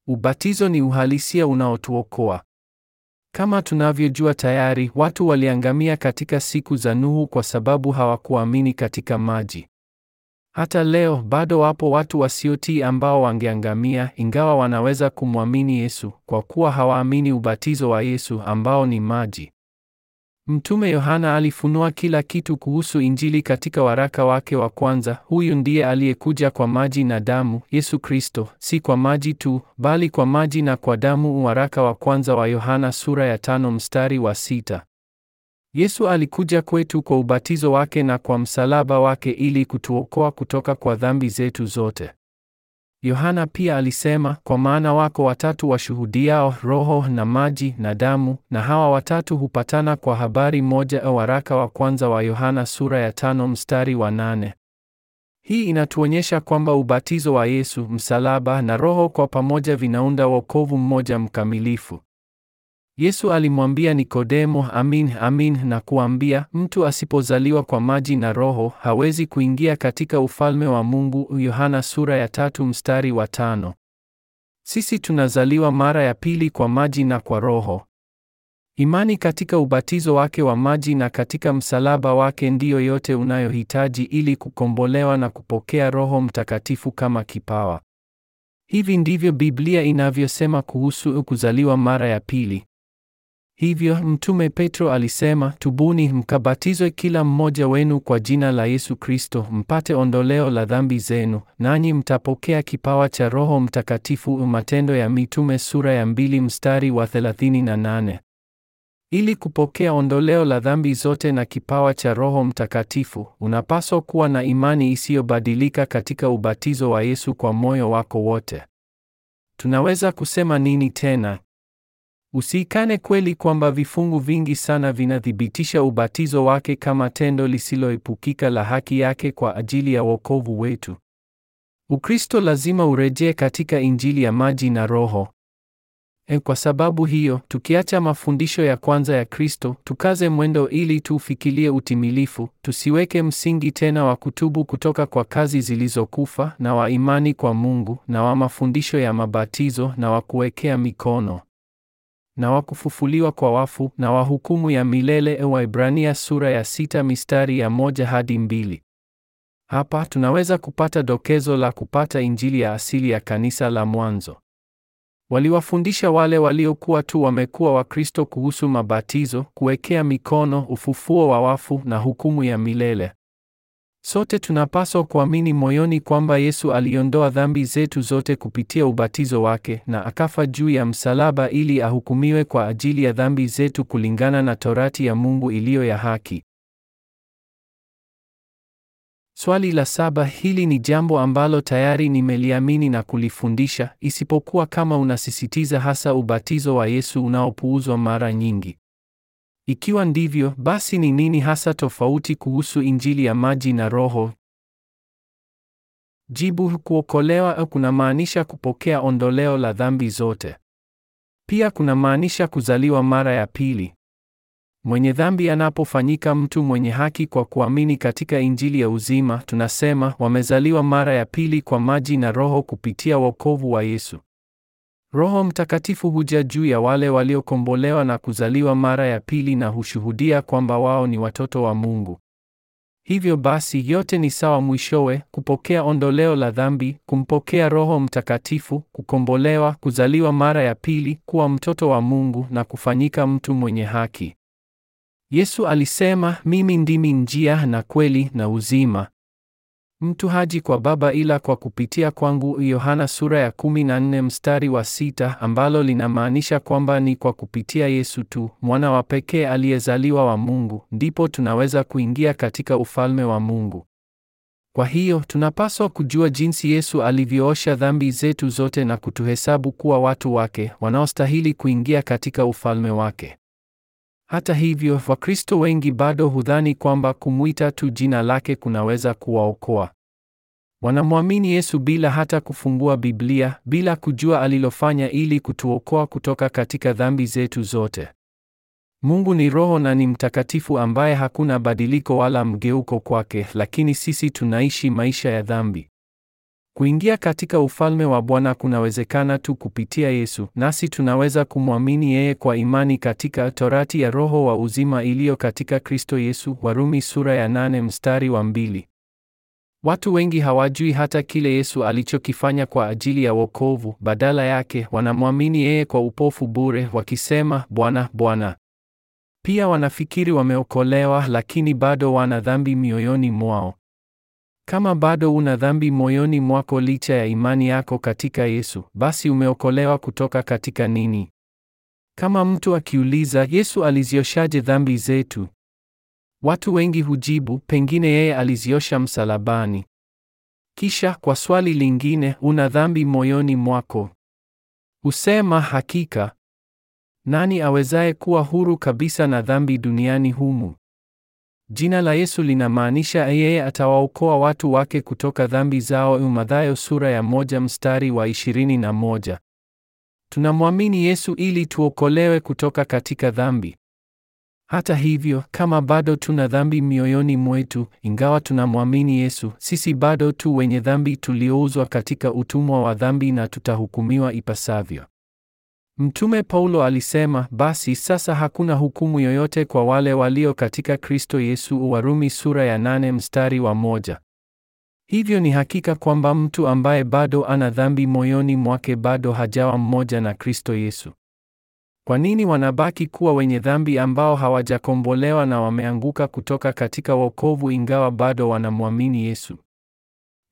Ubatizo ni uhalisia unaotuokoa. Kama tunavyojua tayari, watu waliangamia katika siku za Nuhu kwa sababu hawakuamini katika maji. Hata leo bado wapo watu wasiotii ambao wangeangamia ingawa wanaweza kumwamini Yesu kwa kuwa hawaamini ubatizo wa Yesu ambao ni maji. Mtume Yohana alifunua kila kitu kuhusu Injili katika waraka wake wa kwanza. Huyu ndiye aliyekuja kwa maji na damu, Yesu Kristo, si kwa maji tu, bali kwa maji na kwa damu. Waraka wa kwanza wa Yohana sura ya tano mstari wa sita. Yesu alikuja kwetu kwa ubatizo wake na kwa msalaba wake ili kutuokoa kutoka kwa dhambi zetu zote. Yohana pia alisema, kwa maana wako watatu washuhudiao, roho na maji na damu, na hawa watatu hupatana kwa habari moja. Waraka wa kwanza wa Yohana sura ya tano mstari wa nane. Hii inatuonyesha kwamba ubatizo wa Yesu, msalaba na roho kwa pamoja vinaunda wokovu mmoja mkamilifu. Yesu alimwambia Nikodemo, amin amin nakuambia, mtu asipozaliwa kwa maji na Roho hawezi kuingia katika ufalme wa Mungu. Yohana sura ya tatu mstari wa tano. Sisi tunazaliwa mara ya pili kwa maji na kwa Roho. Imani katika ubatizo wake wa maji na katika msalaba wake ndiyo yote unayohitaji ili kukombolewa na kupokea Roho Mtakatifu kama kipawa. Hivi ndivyo Biblia inavyosema kuhusu kuzaliwa mara ya pili. Hivyo Mtume Petro alisema, tubuni mkabatizwe kila mmoja wenu kwa jina la Yesu Kristo mpate ondoleo la dhambi zenu, nanyi mtapokea kipawa cha Roho Mtakatifu. Matendo ya Mitume sura ya 2 mstari wa 38. Ili kupokea ondoleo la dhambi zote na kipawa cha Roho Mtakatifu, unapaswa kuwa na imani isiyobadilika katika ubatizo wa Yesu kwa moyo wako wote. Tunaweza kusema nini tena? Usikane kweli kwamba vifungu vingi sana vinathibitisha ubatizo wake kama tendo lisiloepukika la haki yake kwa ajili ya wokovu wetu. Ukristo lazima urejee katika Injili ya maji na Roho. E, kwa sababu hiyo, tukiacha mafundisho ya kwanza ya Kristo, tukaze mwendo ili tufikilie utimilifu, tusiweke msingi tena wa kutubu kutoka kwa kazi zilizokufa na wa imani kwa Mungu na wa mafundisho ya mabatizo na wa kuwekea mikono na wakufufuliwa kwa wafu na wahukumu ya milele e Waibrania sura ya sita mistari ya moja hadi mbili. Hapa tunaweza kupata dokezo la kupata injili ya asili ya kanisa la mwanzo. Waliwafundisha wale waliokuwa tu wamekuwa Wakristo kuhusu mabatizo, kuwekea mikono, ufufuo wa wafu na hukumu ya milele. Sote tunapaswa kuamini moyoni kwamba Yesu aliondoa dhambi zetu zote kupitia ubatizo wake na akafa juu ya msalaba ili ahukumiwe kwa ajili ya dhambi zetu kulingana na torati ya Mungu iliyo ya haki. Swali la saba. Hili ni jambo ambalo tayari nimeliamini na kulifundisha, isipokuwa kama unasisitiza hasa ubatizo wa Yesu unaopuuzwa mara nyingi. Ikiwa ndivyo, basi ni nini hasa tofauti kuhusu Injili ya maji na Roho? Jibu: kuokolewa kunamaanisha kupokea ondoleo la dhambi zote. Pia kunamaanisha kuzaliwa mara ya pili. Mwenye dhambi anapofanyika mtu mwenye haki kwa kuamini katika Injili ya uzima, tunasema wamezaliwa mara ya pili kwa maji na Roho kupitia wokovu wa Yesu. Roho Mtakatifu huja juu ya wale waliokombolewa na kuzaliwa mara ya pili na hushuhudia kwamba wao ni watoto wa Mungu. Hivyo basi yote ni sawa mwishowe: kupokea ondoleo la dhambi, kumpokea Roho Mtakatifu, kukombolewa, kuzaliwa mara ya pili, kuwa mtoto wa Mungu na kufanyika mtu mwenye haki. Yesu alisema, mimi ndimi njia na kweli na uzima. Mtu haji kwa Baba ila kwa kupitia kwangu, Yohana sura ya 14 mstari wa sita, ambalo linamaanisha kwamba ni kwa kupitia Yesu tu, mwana wa pekee aliyezaliwa wa Mungu, ndipo tunaweza kuingia katika ufalme wa Mungu. Kwa hiyo tunapaswa kujua jinsi Yesu alivyoosha dhambi zetu zote na kutuhesabu kuwa watu wake wanaostahili kuingia katika ufalme wake. Hata hivyo, Wakristo wengi bado hudhani kwamba kumwita tu jina lake kunaweza kuwaokoa. Wanamwamini Yesu bila hata kufungua Biblia, bila kujua alilofanya ili kutuokoa kutoka katika dhambi zetu zote. Mungu ni roho na ni mtakatifu ambaye hakuna badiliko wala mgeuko kwake, lakini sisi tunaishi maisha ya dhambi. Kuingia katika ufalme wa Bwana kunawezekana tu kupitia Yesu, nasi tunaweza kumwamini yeye kwa imani katika torati ya roho wa uzima iliyo katika Kristo Yesu, Warumi sura ya nane mstari wa mbili. Watu wengi hawajui hata kile Yesu alichokifanya kwa ajili ya wokovu. Badala yake wanamwamini yeye kwa upofu bure, wakisema Bwana, Bwana. Pia wanafikiri wameokolewa, lakini bado wana dhambi mioyoni mwao. Kama bado una dhambi moyoni mwako licha ya imani yako katika Yesu, basi umeokolewa kutoka katika nini? Kama mtu akiuliza, Yesu alizioshaje dhambi zetu? Watu wengi hujibu, pengine yeye aliziosha msalabani. Kisha kwa swali lingine, una dhambi moyoni mwako? usema hakika. Nani awezaye kuwa huru kabisa na dhambi duniani humu? Jina la Yesu linamaanisha yeye atawaokoa watu wake kutoka dhambi zao. Mathayo sura ya moja mstari wa ishirini na moja. Tunamwamini Yesu ili tuokolewe kutoka katika dhambi. Hata hivyo, kama bado tuna dhambi mioyoni mwetu, ingawa tunamwamini Yesu, sisi bado tu wenye dhambi tuliouzwa katika utumwa wa dhambi na tutahukumiwa ipasavyo. Mtume Paulo alisema, basi sasa hakuna hukumu yoyote kwa wale walio katika Kristo Yesu, Warumi sura ya nane mstari wa moja. Hivyo ni hakika kwamba mtu ambaye bado ana dhambi moyoni mwake bado hajawa mmoja na Kristo Yesu. Kwa nini wanabaki kuwa wenye dhambi ambao hawajakombolewa na wameanguka kutoka katika wokovu ingawa bado wanamwamini Yesu?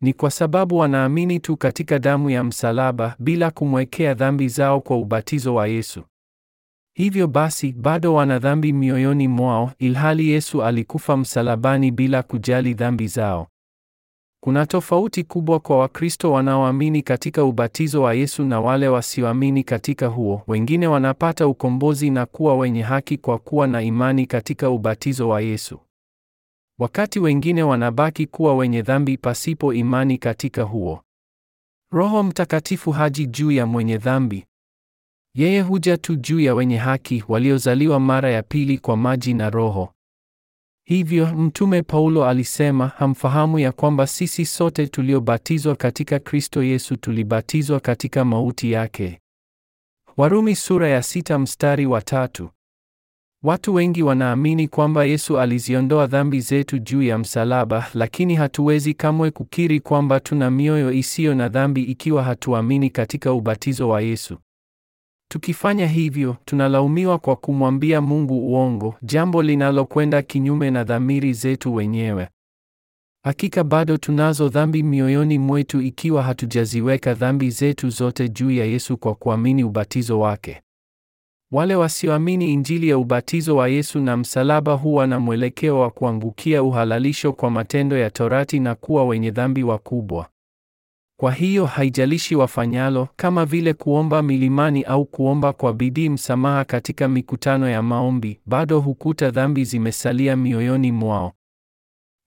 Ni kwa sababu wanaamini tu katika damu ya msalaba bila kumwekea dhambi zao kwa ubatizo wa Yesu. Hivyo basi bado wana dhambi mioyoni mwao, ilhali Yesu alikufa msalabani bila kujali dhambi zao. Kuna tofauti kubwa kwa Wakristo wanaoamini katika ubatizo wa Yesu na wale wasioamini katika huo. Wengine wanapata ukombozi na kuwa wenye haki kwa kuwa na imani katika ubatizo wa Yesu wakati wengine wanabaki kuwa wenye dhambi pasipo imani katika huo. Roho Mtakatifu haji juu ya mwenye dhambi. Yeye huja tu juu ya wenye haki waliozaliwa mara ya pili kwa maji na Roho. Hivyo Mtume Paulo alisema, hamfahamu ya kwamba sisi sote tuliobatizwa katika Kristo Yesu tulibatizwa katika mauti yake. Warumi sura ya sita mstari wa tatu. Watu wengi wanaamini kwamba Yesu aliziondoa dhambi zetu juu ya msalaba, lakini hatuwezi kamwe kukiri kwamba tuna mioyo isiyo na dhambi ikiwa hatuamini katika ubatizo wa Yesu. Tukifanya hivyo, tunalaumiwa kwa kumwambia Mungu uongo, jambo linalokwenda kinyume na dhamiri zetu wenyewe. Hakika bado tunazo dhambi mioyoni mwetu ikiwa hatujaziweka dhambi zetu zote juu ya Yesu kwa kuamini ubatizo wake. Wale wasioamini Injili ya ubatizo wa Yesu na msalaba huwa na mwelekeo wa kuangukia uhalalisho kwa matendo ya torati na kuwa wenye dhambi wakubwa. Kwa hiyo haijalishi wafanyalo kama vile kuomba milimani au kuomba kwa bidii msamaha katika mikutano ya maombi, bado hukuta dhambi zimesalia mioyoni mwao.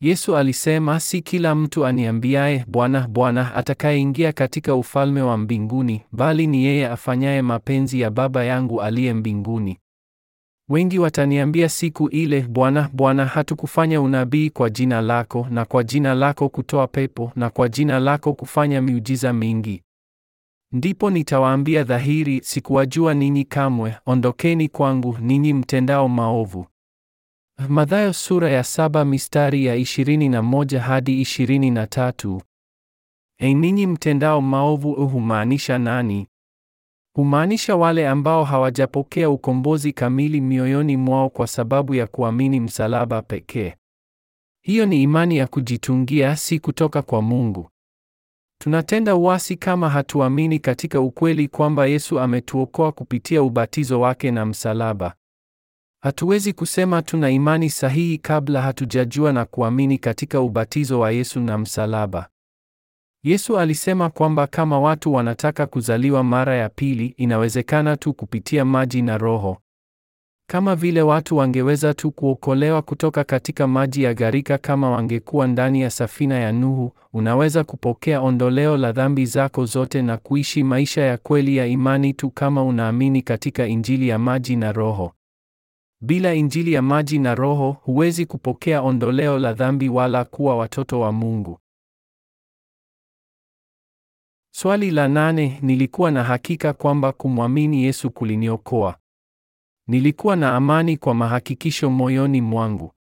Yesu alisema, si kila mtu aniambiaye Bwana, Bwana atakayeingia katika ufalme wa mbinguni, bali ni yeye afanyaye mapenzi ya Baba yangu aliye mbinguni. Wengi wataniambia siku ile, Bwana, Bwana, hatukufanya unabii kwa jina lako, na kwa jina lako kutoa pepo, na kwa jina lako kufanya miujiza mingi? Ndipo nitawaambia dhahiri, sikuwajua ninyi kamwe, ondokeni kwangu, ninyi mtendao maovu. Mathayo sura ya saba mistari ya 21 hadi tatu. E, ninyi mtendao maovu, humaanisha nani? Humaanisha wale ambao hawajapokea ukombozi kamili mioyoni mwao kwa sababu ya kuamini msalaba pekee. Hiyo ni imani ya kujitungia, si kutoka kwa Mungu. Tunatenda uasi kama hatuamini katika ukweli kwamba Yesu ametuokoa kupitia ubatizo wake na msalaba. Hatuwezi kusema tuna imani sahihi kabla hatujajua na kuamini katika ubatizo wa Yesu na msalaba. Yesu alisema kwamba kama watu wanataka kuzaliwa mara ya pili, inawezekana tu kupitia maji na Roho. Kama vile watu wangeweza tu kuokolewa kutoka katika maji ya gharika kama wangekuwa ndani ya safina ya Nuhu, unaweza kupokea ondoleo la dhambi zako zote na kuishi maisha ya kweli ya imani tu kama unaamini katika Injili ya maji na Roho. Bila injili ya maji na Roho huwezi kupokea ondoleo la dhambi wala kuwa watoto wa Mungu. Swali la nane: nilikuwa na hakika kwamba kumwamini Yesu kuliniokoa. Nilikuwa na amani kwa mahakikisho moyoni mwangu,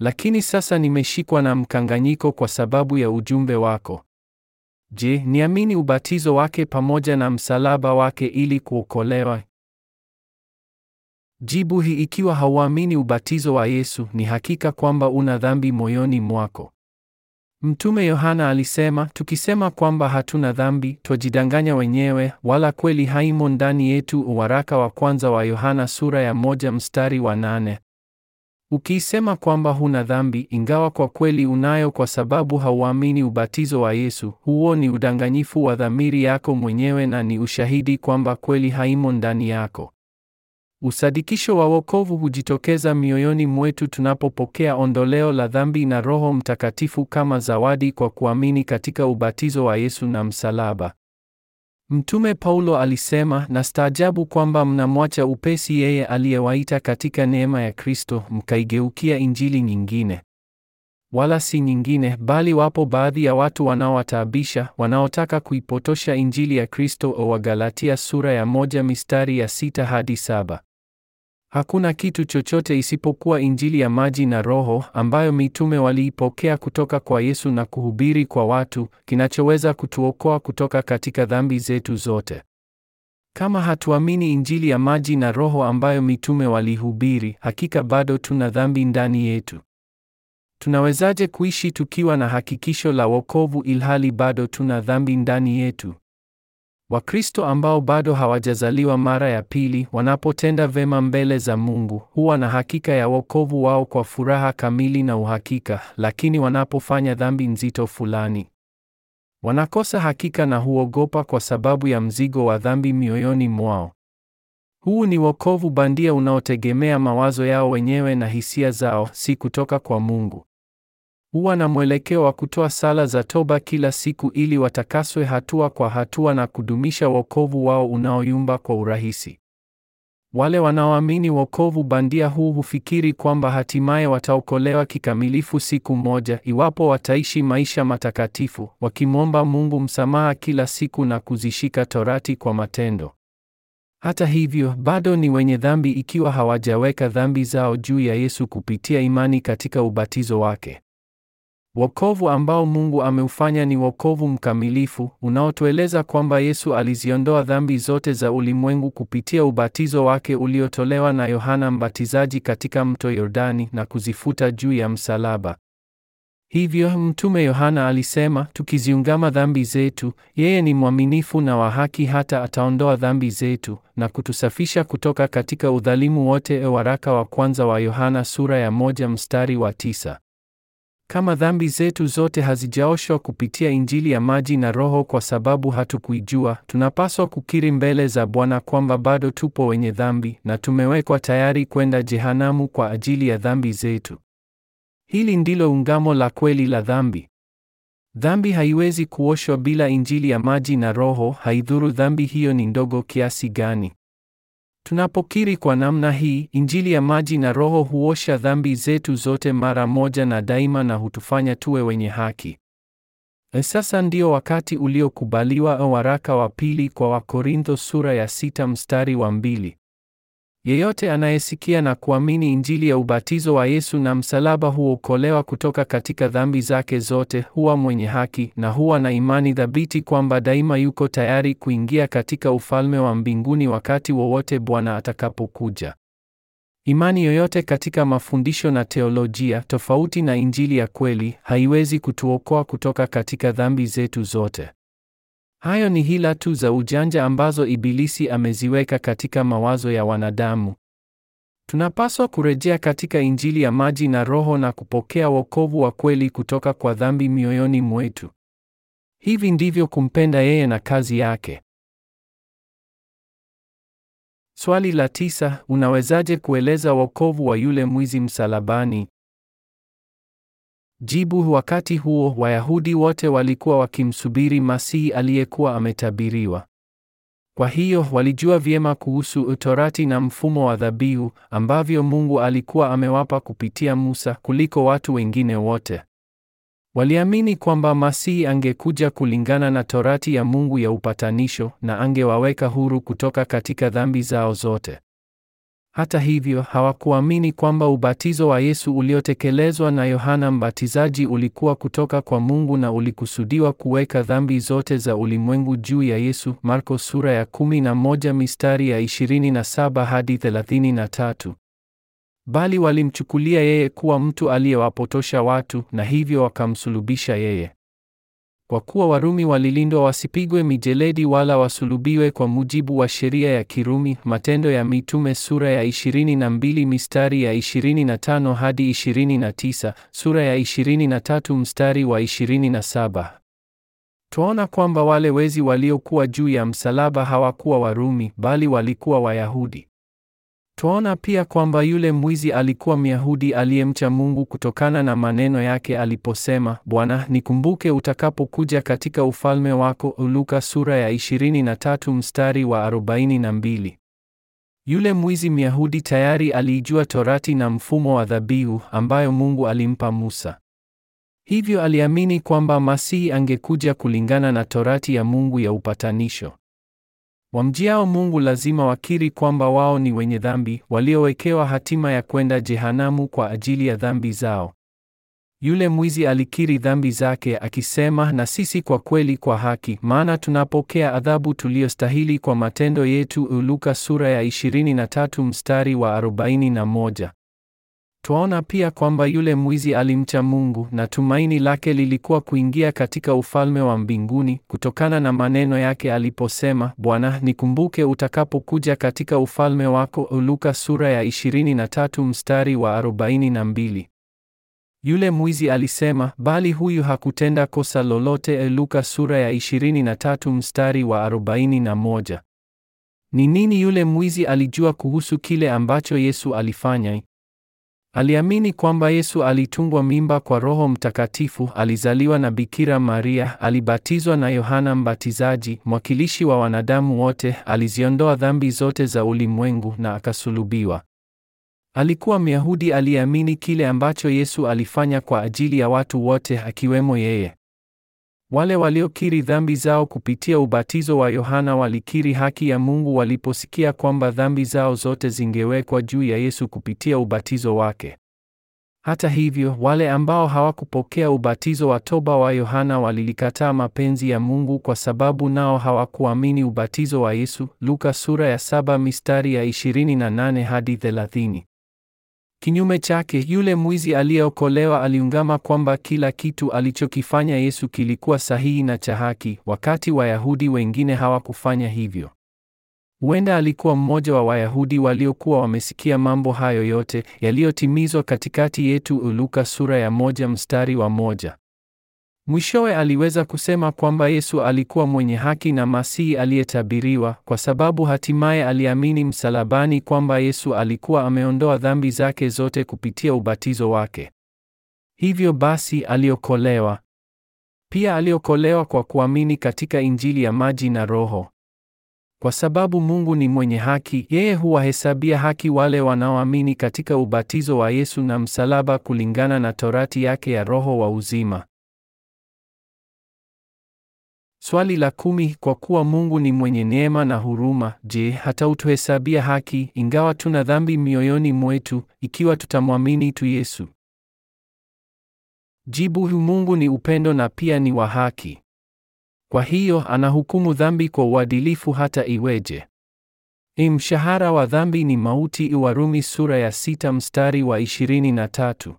lakini sasa nimeshikwa na mkanganyiko kwa sababu ya ujumbe wako. Je, niamini ubatizo wake pamoja na msalaba wake ili kuokolewa? Jibu hii ikiwa hauamini ubatizo wa Yesu ni hakika kwamba una dhambi moyoni mwako. Mtume Yohana alisema, tukisema kwamba hatuna dhambi, twajidanganya wenyewe, wala kweli haimo ndani yetu. Waraka wa kwanza wa Yohana sura ya moja mstari wa nane. Ukiisema kwamba huna dhambi, ingawa kwa kweli unayo, kwa sababu hauamini ubatizo wa Yesu, huo ni udanganyifu wa dhamiri yako mwenyewe na ni ushahidi kwamba kweli haimo ndani yako. Usadikisho wa wokovu hujitokeza mioyoni mwetu tunapopokea ondoleo la dhambi na Roho Mtakatifu kama zawadi kwa kuamini katika ubatizo wa Yesu na msalaba. Mtume Paulo alisema, nastaajabu kwamba mnamwacha upesi yeye aliyewaita katika neema ya Kristo, mkaigeukia injili nyingine. Wala si nyingine, bali wapo baadhi ya watu wanaowataabisha, wanaotaka kuipotosha injili ya Kristo. Wagalatia sura ya moja mistari ya sita hadi saba. Hakuna kitu chochote isipokuwa Injili ya maji na Roho ambayo mitume waliipokea kutoka kwa Yesu na kuhubiri kwa watu, kinachoweza kutuokoa kutoka katika dhambi zetu zote. Kama hatuamini Injili ya maji na Roho ambayo mitume walihubiri, hakika bado tuna dhambi ndani yetu. Tunawezaje kuishi tukiwa na hakikisho la wokovu ilhali bado tuna dhambi ndani yetu? Wakristo ambao bado hawajazaliwa mara ya pili wanapotenda vema mbele za Mungu huwa na hakika ya wokovu wao kwa furaha kamili na uhakika, lakini wanapofanya dhambi nzito fulani wanakosa hakika na huogopa kwa sababu ya mzigo wa dhambi mioyoni mwao. Huu ni wokovu bandia unaotegemea mawazo yao wenyewe na hisia zao, si kutoka kwa Mungu. Huwa na mwelekeo wa kutoa sala za toba kila siku ili watakaswe hatua kwa hatua na kudumisha wokovu wao unaoyumba kwa urahisi. Wale wanaoamini wokovu bandia huu hufikiri kwamba hatimaye wataokolewa kikamilifu siku moja iwapo wataishi maisha matakatifu, wakimwomba Mungu msamaha kila siku na kuzishika torati kwa matendo. Hata hivyo, bado ni wenye dhambi ikiwa hawajaweka dhambi zao juu ya Yesu kupitia imani katika ubatizo wake. Wokovu ambao Mungu ameufanya ni wokovu mkamilifu unaotueleza kwamba Yesu aliziondoa dhambi zote za ulimwengu kupitia ubatizo wake uliotolewa na Yohana Mbatizaji katika mto Yordani na kuzifuta juu ya msalaba. Hivyo mtume Yohana alisema, tukiziungama dhambi zetu, yeye ni mwaminifu na wa haki hata ataondoa dhambi zetu na kutusafisha kutoka katika udhalimu wote. E, waraka wa kwanza wa Yohana sura ya moja mstari wa tisa. Kama dhambi zetu zote hazijaoshwa kupitia Injili ya maji na Roho kwa sababu hatukuijua, tunapaswa kukiri mbele za Bwana kwamba bado tupo wenye dhambi na tumewekwa tayari kwenda jehanamu kwa ajili ya dhambi zetu. Hili ndilo ungamo la kweli la dhambi. Dhambi haiwezi kuoshwa bila Injili ya maji na Roho, haidhuru dhambi hiyo ni ndogo kiasi gani. Tunapokiri kwa namna hii, Injili ya maji na Roho huosha dhambi zetu zote mara moja na daima na hutufanya tuwe wenye haki. E, sasa ndio wakati uliokubaliwa. Waraka wa pili kwa Wakorintho sura ya sita mstari wa mbili. Yeyote anayesikia na kuamini Injili ya ubatizo wa Yesu na msalaba huokolewa kutoka katika dhambi zake zote, huwa mwenye haki na huwa na imani thabiti kwamba daima yuko tayari kuingia katika ufalme wa mbinguni wakati wowote Bwana atakapokuja. Imani yoyote katika mafundisho na teolojia tofauti na Injili ya kweli haiwezi kutuokoa kutoka katika dhambi zetu zote. Hayo ni hila tu za ujanja ambazo Ibilisi ameziweka katika mawazo ya wanadamu. Tunapaswa kurejea katika Injili ya maji na Roho na kupokea wokovu wa kweli kutoka kwa dhambi mioyoni mwetu. Hivi ndivyo kumpenda yeye na kazi yake. Swali la tisa, unawezaje kueleza wokovu wa yule mwizi msalabani? Jibu wakati huo Wayahudi wote walikuwa wakimsubiri Masihi aliyekuwa ametabiriwa. Kwa hiyo walijua vyema kuhusu utorati na mfumo wa dhabihu ambavyo Mungu alikuwa amewapa kupitia Musa kuliko watu wengine wote. Waliamini kwamba Masihi angekuja kulingana na torati ya Mungu ya upatanisho na angewaweka huru kutoka katika dhambi zao zote. Hata hivyo, hawakuamini kwamba ubatizo wa Yesu uliotekelezwa na Yohana Mbatizaji ulikuwa kutoka kwa Mungu na ulikusudiwa kuweka dhambi zote za ulimwengu juu ya Yesu, Marko sura ya 11 mistari ya 27 hadi 33. Bali walimchukulia yeye kuwa mtu aliyewapotosha watu na hivyo wakamsulubisha yeye. Kwa kuwa Warumi walilindwa wasipigwe mijeledi wala wasulubiwe kwa mujibu wa sheria ya Kirumi, Matendo ya Mitume sura ya 22 mistari ya 25 hadi 29, sura ya 23 mstari wa 27. Twaona kwamba wale wezi waliokuwa juu ya msalaba hawakuwa Warumi bali walikuwa Wayahudi. Twaona pia kwamba yule mwizi alikuwa Myahudi aliyemcha Mungu kutokana na maneno yake aliposema, Bwana, nikumbuke utakapokuja katika ufalme wako, Luka sura ya 23 mstari wa 42. Yule mwizi Myahudi tayari aliijua Torati na mfumo wa dhabihu ambayo Mungu alimpa Musa. Hivyo aliamini kwamba Masihi angekuja kulingana na Torati ya Mungu ya upatanisho. Wamjiao Mungu lazima wakiri kwamba wao ni wenye dhambi, waliowekewa hatima ya kwenda jehanamu kwa ajili ya dhambi zao. Yule mwizi alikiri dhambi zake akisema, na sisi kwa kweli kwa haki, maana tunapokea adhabu tuliyostahili kwa matendo yetu. Luka sura ya 23 mstari wa 41. Twaona pia kwamba yule mwizi alimcha Mungu na tumaini lake lilikuwa kuingia katika ufalme wa mbinguni kutokana na maneno yake aliposema, Bwana, nikumbuke utakapokuja katika ufalme wako. Luka sura ya 23 mstari wa 42. Yule mwizi alisema, bali huyu hakutenda kosa lolote. Luka sura ya 23 mstari wa 41. Ni nini yule mwizi alijua kuhusu kile ambacho Yesu alifanya? Aliamini kwamba Yesu alitungwa mimba kwa Roho Mtakatifu, alizaliwa na Bikira Maria, alibatizwa na Yohana Mbatizaji, mwakilishi wa wanadamu wote, aliziondoa dhambi zote za ulimwengu na akasulubiwa. Alikuwa Myahudi aliyeamini kile ambacho Yesu alifanya kwa ajili ya watu wote akiwemo yeye. Wale waliokiri dhambi zao kupitia ubatizo wa Yohana walikiri haki ya Mungu waliposikia kwamba dhambi zao zote zingewekwa juu ya Yesu kupitia ubatizo wake. Hata hivyo, wale ambao hawakupokea ubatizo wa toba wa Yohana walilikataa mapenzi ya Mungu kwa sababu nao hawakuamini ubatizo wa Yesu. Luka sura ya saba mistari ya 28 hadi 30. Kinyume chake, yule mwizi aliyeokolewa aliungama kwamba kila kitu alichokifanya Yesu kilikuwa sahihi na cha haki, wakati Wayahudi wengine hawakufanya hivyo. Huenda alikuwa mmoja wa Wayahudi waliokuwa wamesikia mambo hayo yote yaliyotimizwa katikati yetu. Luka sura ya moja mstari wa moja. Mwishowe aliweza kusema kwamba Yesu alikuwa mwenye haki na Masihi aliyetabiriwa kwa sababu hatimaye aliamini msalabani kwamba Yesu alikuwa ameondoa dhambi zake zote kupitia ubatizo wake. Hivyo basi aliokolewa. Pia aliokolewa kwa kuamini katika Injili ya maji na Roho. Kwa sababu Mungu ni mwenye haki, yeye huwahesabia haki wale wanaoamini katika ubatizo wa Yesu na msalaba kulingana na torati yake ya Roho wa uzima. Swali la kumi: kwa kuwa Mungu ni mwenye neema na huruma, je, hatautuhesabia haki ingawa tuna dhambi mioyoni mwetu ikiwa tutamwamini tu Yesu? Jibu: Mungu ni upendo na pia ni wa haki. Kwa hiyo anahukumu dhambi kwa uadilifu hata iweje. E, mshahara wa dhambi ni mauti, Warumi sura ya sita mstari wa 23.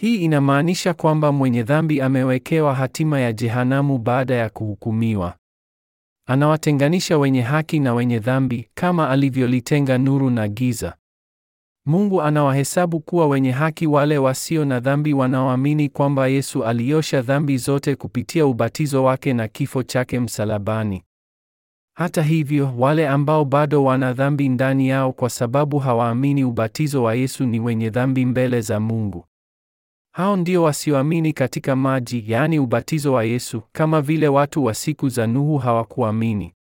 Hii inamaanisha kwamba mwenye dhambi amewekewa hatima ya jehanamu baada ya kuhukumiwa. Anawatenganisha wenye haki na wenye dhambi kama alivyolitenga nuru na giza. Mungu anawahesabu kuwa wenye haki wale wasio na dhambi wanaoamini kwamba Yesu aliosha dhambi zote kupitia ubatizo wake na kifo chake msalabani. Hata hivyo, wale ambao bado wana dhambi ndani yao kwa sababu hawaamini ubatizo wa Yesu ni wenye dhambi mbele za Mungu. Hao ndio wasioamini katika maji, yaani ubatizo wa Yesu, kama vile watu wa siku za Nuhu hawakuamini.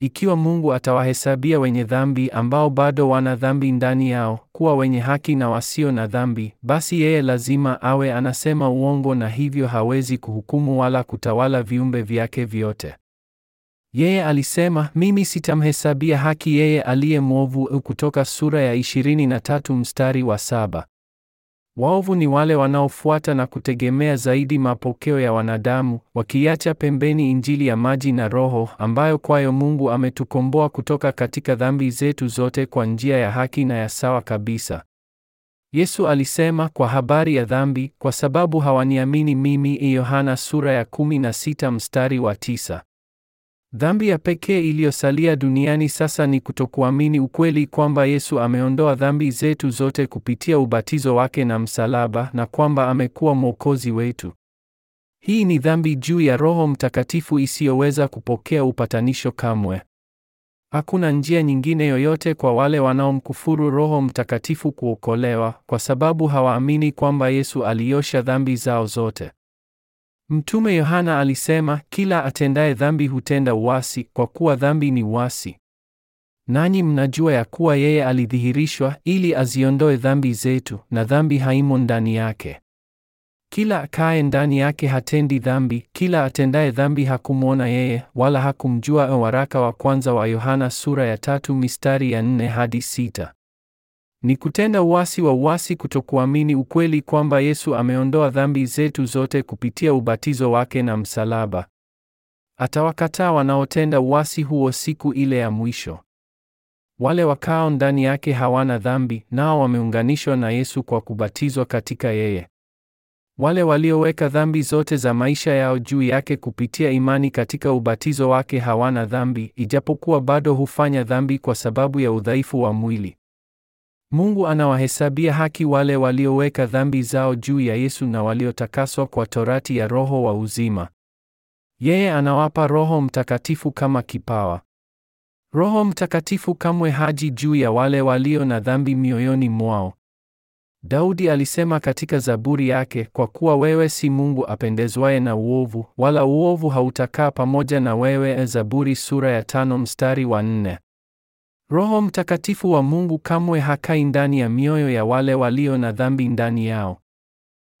Ikiwa Mungu atawahesabia wenye dhambi ambao bado wana dhambi ndani yao kuwa wenye haki na wasio na dhambi, basi yeye lazima awe anasema uongo na hivyo hawezi kuhukumu wala kutawala viumbe vyake vyote. Yeye alisema, mimi sitamhesabia haki yeye aliye mwovu, kutoka sura ya 23 mstari wa saba. Waovu ni wale wanaofuata na kutegemea zaidi mapokeo ya wanadamu, wakiacha pembeni Injili ya maji na Roho ambayo kwayo Mungu ametukomboa kutoka katika dhambi zetu zote kwa njia ya haki na ya sawa kabisa. Yesu alisema kwa habari ya dhambi, kwa sababu hawaniamini mimi, Yohana sura ya 16 mstari wa 9. Dhambi ya pekee iliyosalia duniani sasa ni kutokuamini ukweli kwamba Yesu ameondoa dhambi zetu zote kupitia ubatizo wake na msalaba na kwamba amekuwa mwokozi wetu. Hii ni dhambi juu ya Roho Mtakatifu isiyoweza kupokea upatanisho kamwe. Hakuna njia nyingine yoyote kwa wale wanaomkufuru Roho Mtakatifu kuokolewa, kwa sababu hawaamini kwamba Yesu aliosha dhambi zao zote. Mtume Yohana alisema, kila atendaye dhambi hutenda uasi, kwa kuwa dhambi ni uasi. Nanyi mnajua ya kuwa yeye alidhihirishwa ili aziondoe dhambi zetu, na dhambi haimo ndani yake. Kila akaye ndani yake hatendi dhambi; kila atendaye dhambi hakumwona yeye, wala hakumjua. Waraka wa kwanza wa Yohana sura ya tatu mistari ya nne hadi sita. Ni kutenda uasi wa uasi kutokuamini ukweli kwamba Yesu ameondoa dhambi zetu zote kupitia ubatizo wake na msalaba. Atawakataa wanaotenda uasi huo siku ile ya mwisho. Wale wakao ndani yake hawana dhambi, nao wameunganishwa na Yesu kwa kubatizwa katika yeye. Wale walioweka dhambi zote za maisha yao juu yake kupitia imani katika ubatizo wake hawana dhambi, ijapokuwa bado hufanya dhambi kwa sababu ya udhaifu wa mwili. Mungu anawahesabia haki wale walioweka dhambi zao juu ya Yesu na waliotakaswa kwa torati ya Roho wa uzima. Yeye anawapa Roho Mtakatifu kama kipawa. Roho Mtakatifu kamwe haji juu ya wale walio na dhambi mioyoni mwao. Daudi alisema katika Zaburi yake, kwa kuwa wewe si Mungu apendezwaye na uovu, wala uovu hautakaa pamoja na wewe. Zaburi sura ya tano mstari wa nne. Roho Mtakatifu wa Mungu kamwe hakai ndani ya mioyo ya wale walio na dhambi ndani yao.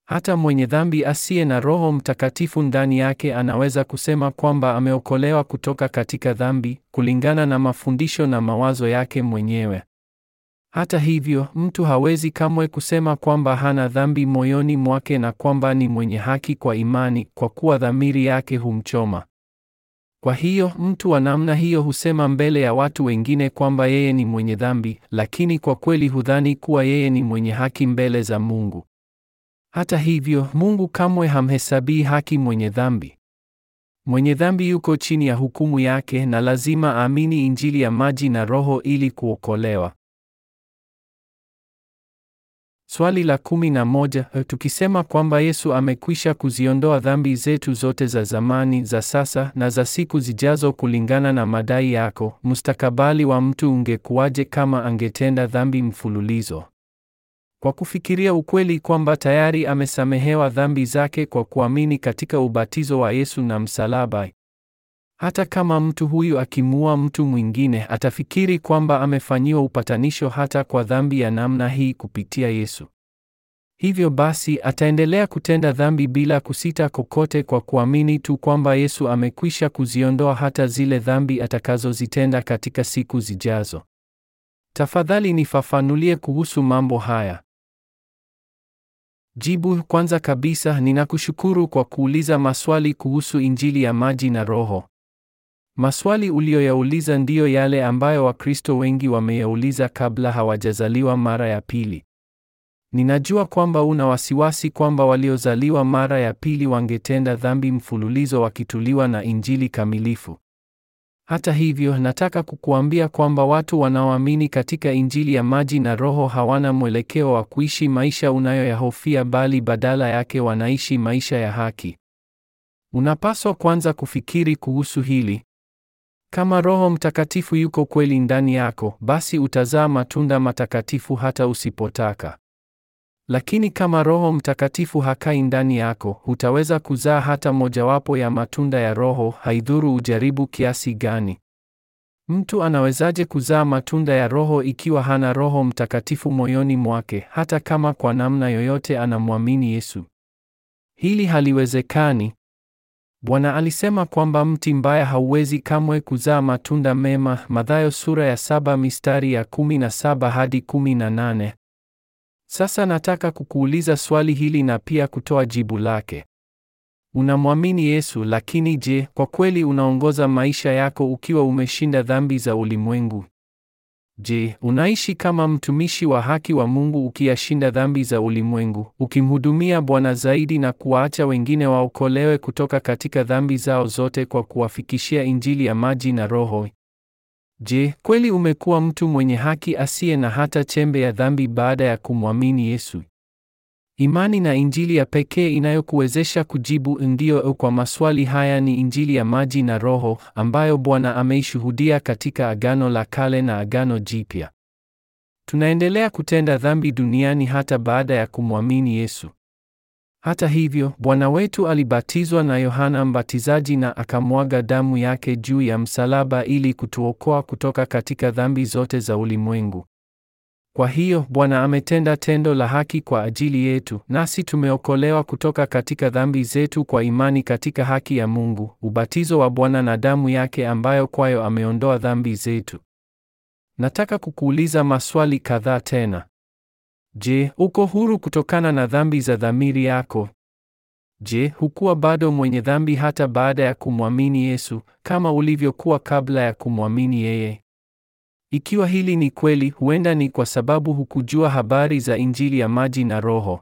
Hata mwenye dhambi asiye na Roho Mtakatifu ndani yake anaweza kusema kwamba ameokolewa kutoka katika dhambi kulingana na mafundisho na mawazo yake mwenyewe. Hata hivyo, mtu hawezi kamwe kusema kwamba hana dhambi moyoni mwake na kwamba ni mwenye haki kwa imani, kwa kuwa dhamiri yake humchoma. Kwa hiyo mtu wa namna hiyo husema mbele ya watu wengine kwamba yeye ni mwenye dhambi, lakini kwa kweli hudhani kuwa yeye ni mwenye haki mbele za Mungu. Hata hivyo, Mungu kamwe hamhesabii haki mwenye dhambi. Mwenye dhambi yuko chini ya hukumu yake na lazima aamini Injili ya maji na Roho ili kuokolewa. Swali la kumi na moja, eh, tukisema kwamba Yesu amekwisha kuziondoa dhambi zetu zote za zamani, za sasa na za siku zijazo kulingana na madai yako, mustakabali wa mtu ungekuwaje kama angetenda dhambi mfululizo? Kwa kufikiria ukweli kwamba tayari amesamehewa dhambi zake kwa kuamini katika ubatizo wa Yesu na msalaba, hata kama mtu huyu akimua mtu mwingine, atafikiri kwamba amefanyiwa upatanisho hata kwa dhambi ya namna hii kupitia Yesu. Hivyo basi, ataendelea kutenda dhambi bila kusita kokote kwa kuamini tu kwamba Yesu amekwisha kuziondoa hata zile dhambi atakazozitenda katika siku zijazo. Tafadhali nifafanulie kuhusu mambo haya. Jibu: kwanza kabisa, ninakushukuru kwa kuuliza maswali kuhusu Injili ya maji na Roho. Maswali uliyoyauliza ndiyo yale ambayo Wakristo wengi wameyauliza kabla hawajazaliwa mara ya pili. Ninajua kwamba una wasiwasi kwamba waliozaliwa mara ya pili wangetenda dhambi mfululizo wakituliwa na Injili kamilifu. Hata hivyo, nataka kukuambia kwamba watu wanaoamini katika Injili ya maji na Roho hawana mwelekeo wa kuishi maisha unayoyahofia bali badala yake wanaishi maisha ya haki. Unapaswa kwanza kufikiri kuhusu hili, kama Roho Mtakatifu yuko kweli ndani yako, basi utazaa matunda matakatifu hata usipotaka. Lakini kama Roho Mtakatifu hakai ndani yako, hutaweza kuzaa hata mojawapo ya matunda ya Roho, haidhuru ujaribu kiasi gani. Mtu anawezaje kuzaa matunda ya Roho ikiwa hana Roho Mtakatifu moyoni mwake, hata kama kwa namna yoyote anamwamini Yesu? Hili haliwezekani. Bwana alisema kwamba mti mbaya hauwezi kamwe kuzaa matunda mema, Mathayo sura ya saba mistari ya kumi na saba hadi kumi na nane. Sasa nataka kukuuliza swali hili na pia kutoa jibu lake. Unamwamini Yesu, lakini je, kwa kweli unaongoza maisha yako ukiwa umeshinda dhambi za ulimwengu? Je, unaishi kama mtumishi wa haki wa Mungu ukiyashinda dhambi za ulimwengu, ukimhudumia Bwana zaidi na kuwaacha wengine waokolewe kutoka katika dhambi zao zote kwa kuwafikishia Injili ya maji na Roho? Je, kweli umekuwa mtu mwenye haki asiye na hata chembe ya dhambi baada ya kumwamini Yesu? Imani na injili ya pekee inayokuwezesha kujibu ndio kwa maswali haya ni injili ya maji na Roho ambayo Bwana ameishuhudia katika Agano la Kale na Agano Jipya. Tunaendelea kutenda dhambi duniani hata baada ya kumwamini Yesu. Hata hivyo, Bwana wetu alibatizwa na Yohana Mbatizaji na akamwaga damu yake juu ya msalaba ili kutuokoa kutoka katika dhambi zote za ulimwengu. Kwa hiyo Bwana ametenda tendo la haki kwa ajili yetu, nasi tumeokolewa kutoka katika dhambi zetu kwa imani katika haki ya Mungu, ubatizo wa Bwana na damu yake ambayo kwayo ameondoa dhambi zetu. Nataka kukuuliza maswali kadhaa tena. Je, uko huru kutokana na dhambi za dhamiri yako? Je, hukuwa bado mwenye dhambi hata baada ya kumwamini Yesu kama ulivyokuwa kabla ya kumwamini yeye? Ikiwa hili ni kweli, huenda ni kwa sababu hukujua habari za Injili ya maji na Roho.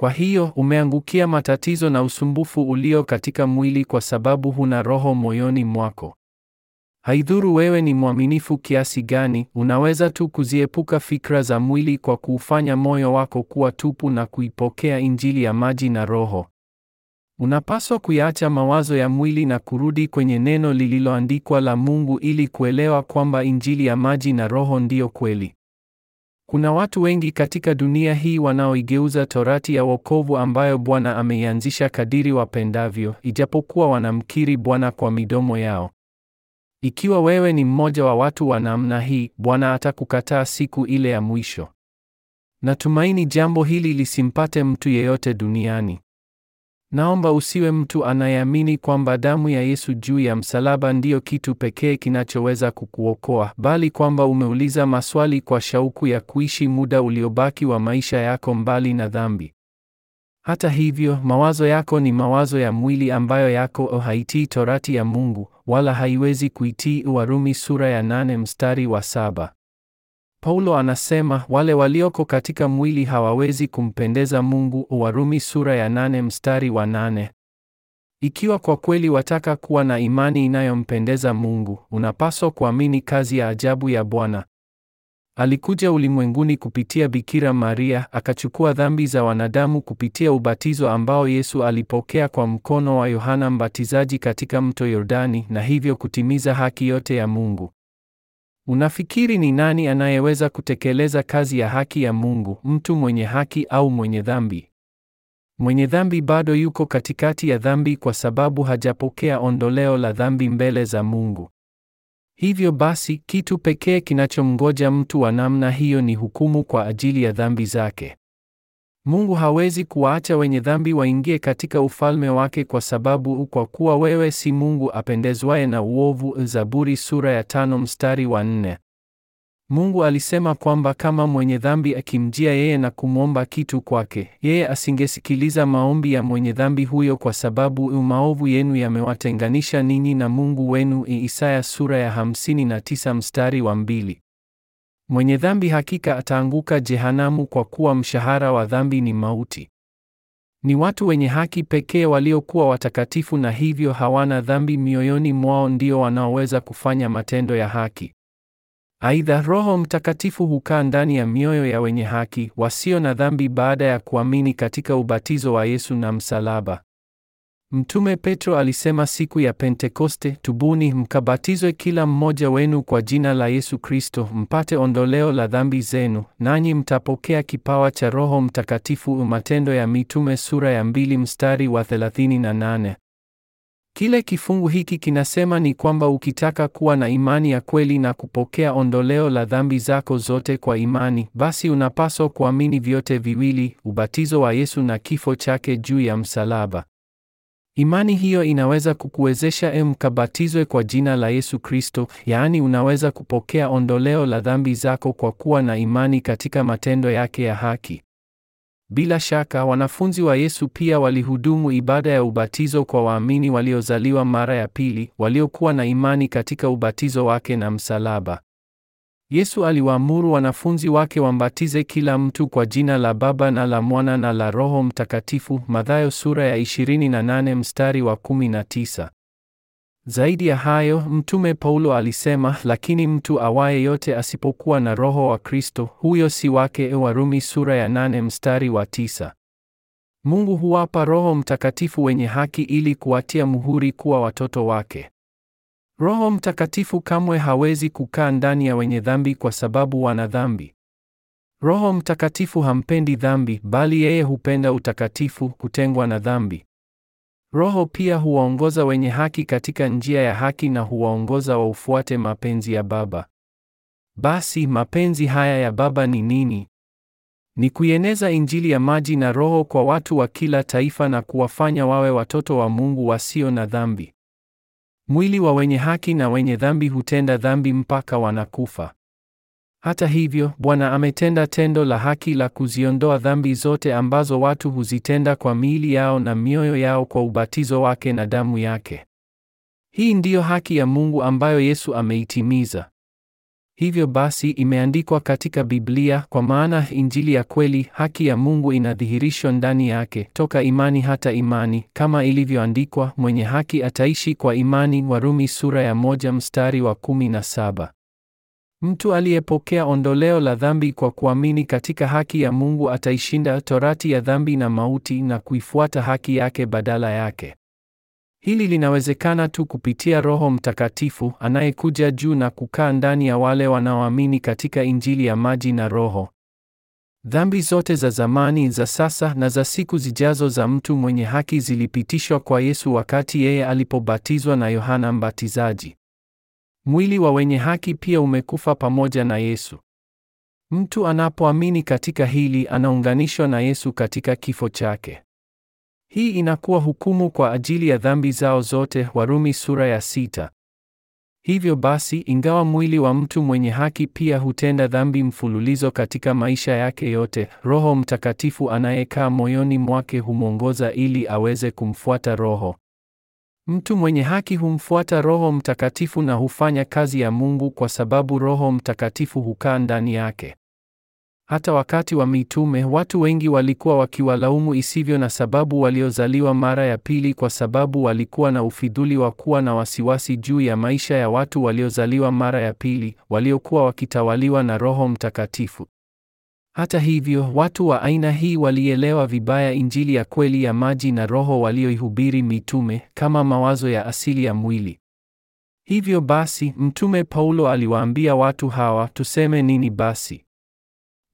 Kwa hiyo umeangukia matatizo na usumbufu ulio katika mwili kwa sababu huna roho moyoni mwako. Haidhuru wewe ni mwaminifu kiasi gani, unaweza tu kuziepuka fikra za mwili kwa kuufanya moyo wako kuwa tupu na kuipokea Injili ya maji na Roho. Unapaswa kuyaacha mawazo ya mwili na kurudi kwenye neno lililoandikwa la Mungu ili kuelewa kwamba Injili ya maji na Roho ndiyo kweli. Kuna watu wengi katika dunia hii wanaoigeuza torati ya wokovu ambayo Bwana ameianzisha kadiri wapendavyo, ijapokuwa wanamkiri Bwana kwa midomo yao. Ikiwa wewe ni mmoja wa watu wa namna hii, Bwana atakukataa siku ile ya mwisho. Natumaini jambo hili lisimpate mtu yeyote duniani. Naomba usiwe mtu anayeamini kwamba damu ya Yesu juu ya msalaba ndiyo kitu pekee kinachoweza kukuokoa, bali kwamba umeuliza maswali kwa shauku ya kuishi muda uliobaki wa maisha yako mbali na dhambi. Hata hivyo, mawazo yako ni mawazo ya mwili ambayo yako oh, haitii torati ya Mungu, wala haiwezi kuitii. Warumi sura ya nane mstari wa saba. Paulo anasema wale walioko katika mwili hawawezi kumpendeza Mungu, Warumi sura ya nane mstari wa nane. Ikiwa kwa kweli wataka kuwa na imani inayompendeza Mungu, unapaswa kuamini kazi ya ajabu ya Bwana. Alikuja ulimwenguni kupitia Bikira Maria, akachukua dhambi za wanadamu kupitia ubatizo ambao Yesu alipokea kwa mkono wa Yohana Mbatizaji katika mto Yordani, na hivyo kutimiza haki yote ya Mungu. Unafikiri ni nani anayeweza kutekeleza kazi ya haki ya Mungu, mtu mwenye haki au mwenye dhambi? Mwenye dhambi bado yuko katikati ya dhambi kwa sababu hajapokea ondoleo la dhambi mbele za Mungu. Hivyo basi, kitu pekee kinachomngoja mtu wa namna hiyo ni hukumu kwa ajili ya dhambi zake. Mungu hawezi kuwaacha wenye dhambi waingie katika ufalme wake kwa sababu kwa kuwa wewe si Mungu apendezwaye na uovu, Zaburi sura ya tano mstari wa nne. Mungu alisema kwamba kama mwenye dhambi akimjia yeye na kumwomba kitu kwake, yeye asingesikiliza maombi ya mwenye dhambi huyo kwa sababu maovu yenu yamewatenganisha ninyi na Mungu wenu, Isaya sura ya 59 mstari wa mbili. Mwenye dhambi hakika ataanguka jehanamu kwa kuwa mshahara wa dhambi ni mauti. Ni watu wenye haki pekee waliokuwa watakatifu na hivyo hawana dhambi mioyoni mwao ndio wanaoweza kufanya matendo ya haki. Aidha, Roho Mtakatifu hukaa ndani ya mioyo ya wenye haki wasio na dhambi baada ya kuamini katika ubatizo wa Yesu na msalaba. Mtume Petro alisema siku ya Pentekoste, tubuni mkabatizwe kila mmoja wenu kwa jina la Yesu Kristo mpate ondoleo la dhambi zenu, nanyi mtapokea kipawa cha Roho Mtakatifu. Matendo ya Mitume sura ya 2 mstari wa 38. Kile kifungu hiki kinasema ni kwamba ukitaka kuwa na imani ya kweli na kupokea ondoleo la dhambi zako zote kwa imani, basi unapaswa kuamini vyote viwili, ubatizo wa Yesu na kifo chake juu ya msalaba. Imani hiyo inaweza kukuwezesha e, mkabatizwe kwa jina la Yesu Kristo, yaani unaweza kupokea ondoleo la dhambi zako kwa kuwa na imani katika matendo yake ya haki. Bila shaka wanafunzi wa Yesu pia walihudumu ibada ya ubatizo kwa waamini waliozaliwa mara ya pili, waliokuwa na imani katika ubatizo wake na msalaba. Yesu aliwaamuru wanafunzi wake wambatize kila mtu kwa jina la Baba na la Mwana na la Roho Mtakatifu, Mathayo sura ya 28 mstari wa 19. Zaidi ya hayo, Mtume Paulo alisema, lakini mtu awaye yote asipokuwa na Roho wa Kristo, huyo si wake, Warumi sura ya 8 mstari wa 9. Mungu huwapa Roho Mtakatifu wenye haki ili kuwatia muhuri kuwa watoto wake. Roho Mtakatifu kamwe hawezi kukaa ndani ya wenye dhambi kwa sababu wana dhambi. Roho Mtakatifu hampendi dhambi, bali yeye hupenda utakatifu, kutengwa na dhambi. Roho pia huwaongoza wenye haki katika njia ya haki na huwaongoza waufuate mapenzi ya Baba. Basi mapenzi haya ya Baba ni nini? Ni kuieneza Injili ya maji na Roho kwa watu wa kila taifa na kuwafanya wawe watoto wa Mungu wasio na dhambi. Mwili wa wenye haki na wenye dhambi hutenda dhambi mpaka wanakufa. Hata hivyo, Bwana ametenda tendo la haki la kuziondoa dhambi zote ambazo watu huzitenda kwa miili yao na mioyo yao kwa ubatizo wake na damu yake. Hii ndiyo haki ya Mungu ambayo Yesu ameitimiza. Hivyo basi imeandikwa katika Biblia kwa maana injili ya kweli, haki ya Mungu inadhihirishwa ndani yake, toka imani hata imani, kama ilivyoandikwa, mwenye haki ataishi kwa imani, Warumi sura ya moja mstari wa kumi na saba. Mtu aliyepokea ondoleo la dhambi kwa kuamini katika haki ya Mungu ataishinda torati ya dhambi na mauti na kuifuata haki yake badala yake. Hili linawezekana tu kupitia Roho Mtakatifu anayekuja juu na kukaa ndani ya wale wanaoamini katika Injili ya maji na Roho. Dhambi zote za zamani, za sasa na za siku zijazo za mtu mwenye haki zilipitishwa kwa Yesu wakati yeye alipobatizwa na Yohana Mbatizaji. Mwili wa wenye haki pia umekufa pamoja na Yesu. Mtu anapoamini katika hili, anaunganishwa na Yesu katika kifo chake. Hii inakuwa hukumu kwa ajili ya dhambi zao zote, Warumi sura ya sita. Hivyo basi, ingawa mwili wa mtu mwenye haki pia hutenda dhambi mfululizo katika maisha yake yote, Roho Mtakatifu anayekaa moyoni mwake humwongoza ili aweze kumfuata Roho. Mtu mwenye haki humfuata Roho Mtakatifu na hufanya kazi ya Mungu kwa sababu Roho Mtakatifu hukaa ndani yake. Hata wakati wa mitume watu wengi walikuwa wakiwalaumu isivyo na sababu waliozaliwa mara ya pili kwa sababu walikuwa na ufidhuli wa kuwa na wasiwasi juu ya maisha ya watu waliozaliwa mara ya pili waliokuwa wakitawaliwa na Roho Mtakatifu. Hata hivyo, watu wa aina hii walielewa vibaya Injili ya kweli ya maji na Roho walioihubiri mitume kama mawazo ya asili ya mwili. Hivyo basi, Mtume Paulo aliwaambia watu hawa, tuseme nini basi?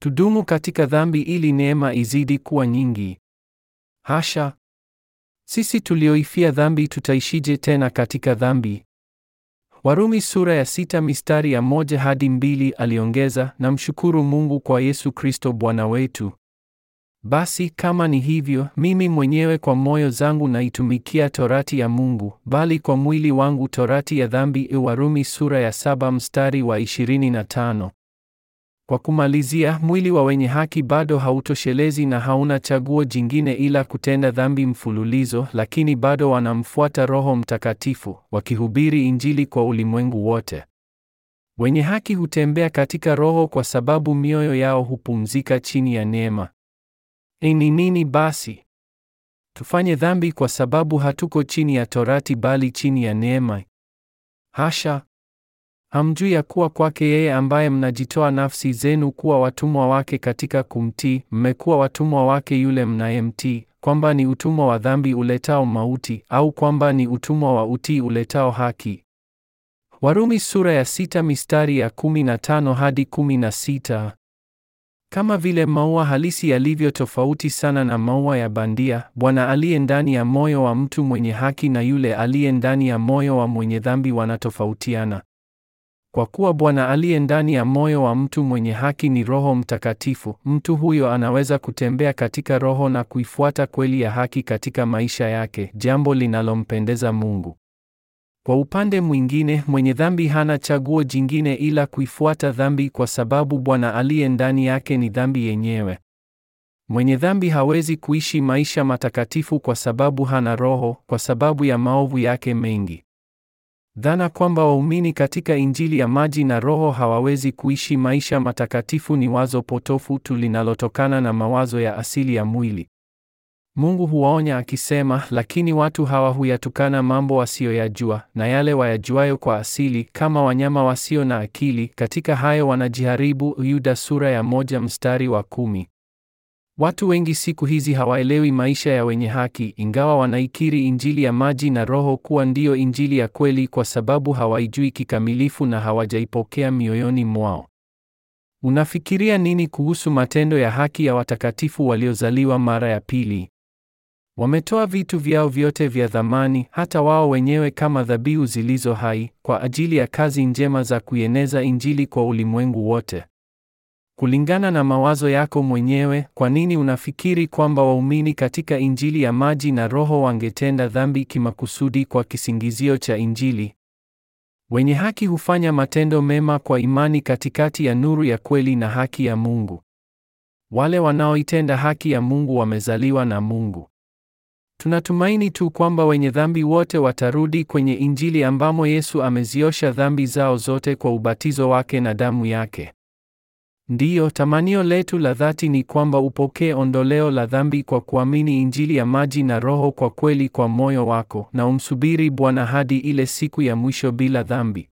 Tudumu katika dhambi ili neema izidi kuwa nyingi? Hasha! Sisi tulioifia dhambi tutaishije tena katika dhambi? Warumi sura ya sita mistari ya moja hadi mbili aliongeza, namshukuru Mungu kwa Yesu Kristo Bwana wetu. Basi kama ni hivyo, mimi mwenyewe kwa moyo zangu naitumikia torati ya Mungu, bali kwa mwili wangu torati ya dhambi. Warumi sura ya saba mstari wa 25. Kwa kumalizia, mwili wa wenye haki bado hautoshelezi na hauna chaguo jingine ila kutenda dhambi mfululizo, lakini bado wanamfuata Roho Mtakatifu, wakihubiri Injili kwa ulimwengu wote. Wenye haki hutembea katika Roho kwa sababu mioyo yao hupumzika chini ya neema. E, ni nini basi? Tufanye dhambi kwa sababu hatuko chini ya torati bali chini ya neema? Hasha! Hamjui ya kuwa kwake yeye ambaye mnajitoa nafsi zenu kuwa watumwa wake katika kumtii, mmekuwa watumwa wake yule mnayemtii, kwamba ni utumwa wa dhambi uletao mauti, au kwamba ni utumwa wa utii uletao haki. Warumi sura ya sita mistari ya kumi na tano hadi kumi na sita. Kama vile maua halisi yalivyo tofauti sana na maua ya bandia, Bwana aliye ndani ya moyo wa mtu mwenye haki na yule aliye ndani ya moyo wa mwenye dhambi wanatofautiana. Kwa kuwa Bwana aliye ndani ya moyo wa mtu mwenye haki ni Roho Mtakatifu, mtu huyo anaweza kutembea katika Roho na kuifuata kweli ya haki katika maisha yake, jambo linalompendeza Mungu. Kwa upande mwingine, mwenye dhambi hana chaguo jingine ila kuifuata dhambi kwa sababu Bwana aliye ndani yake ni dhambi yenyewe. Mwenye dhambi hawezi kuishi maisha matakatifu kwa sababu hana Roho, kwa sababu ya maovu yake mengi. Dhana kwamba waumini katika Injili ya maji na Roho hawawezi kuishi maisha matakatifu ni wazo potofu tu linalotokana na mawazo ya asili ya mwili. Mungu huwaonya akisema, lakini watu hawa huyatukana mambo wasiyoyajua na yale wayajuayo kwa asili, kama wanyama wasio na akili; katika hayo wanajiharibu. Yuda sura ya moja mstari wa kumi. Watu wengi siku hizi hawaelewi maisha ya wenye haki, ingawa wanaikiri injili ya maji na Roho kuwa ndiyo injili ya kweli, kwa sababu hawaijui kikamilifu na hawajaipokea mioyoni mwao. Unafikiria nini kuhusu matendo ya haki ya watakatifu waliozaliwa mara ya pili? Wametoa vitu vyao vyote vya thamani, hata wao wenyewe kama dhabihu zilizo hai, kwa ajili ya kazi njema za kuieneza injili kwa ulimwengu wote. Kulingana na mawazo yako mwenyewe, kwa nini unafikiri kwamba waumini katika Injili ya maji na Roho wangetenda dhambi kimakusudi kwa kisingizio cha Injili? Wenye haki hufanya matendo mema kwa imani katikati ya nuru ya kweli na haki ya Mungu. Wale wanaoitenda haki ya Mungu wamezaliwa na Mungu. Tunatumaini tu kwamba wenye dhambi wote watarudi kwenye Injili ambamo Yesu ameziosha dhambi zao zote kwa ubatizo wake na damu yake. Ndiyo, tamanio letu la dhati ni kwamba upokee ondoleo la dhambi kwa kuamini Injili ya maji na Roho kwa kweli kwa moyo wako na umsubiri Bwana hadi ile siku ya mwisho bila dhambi.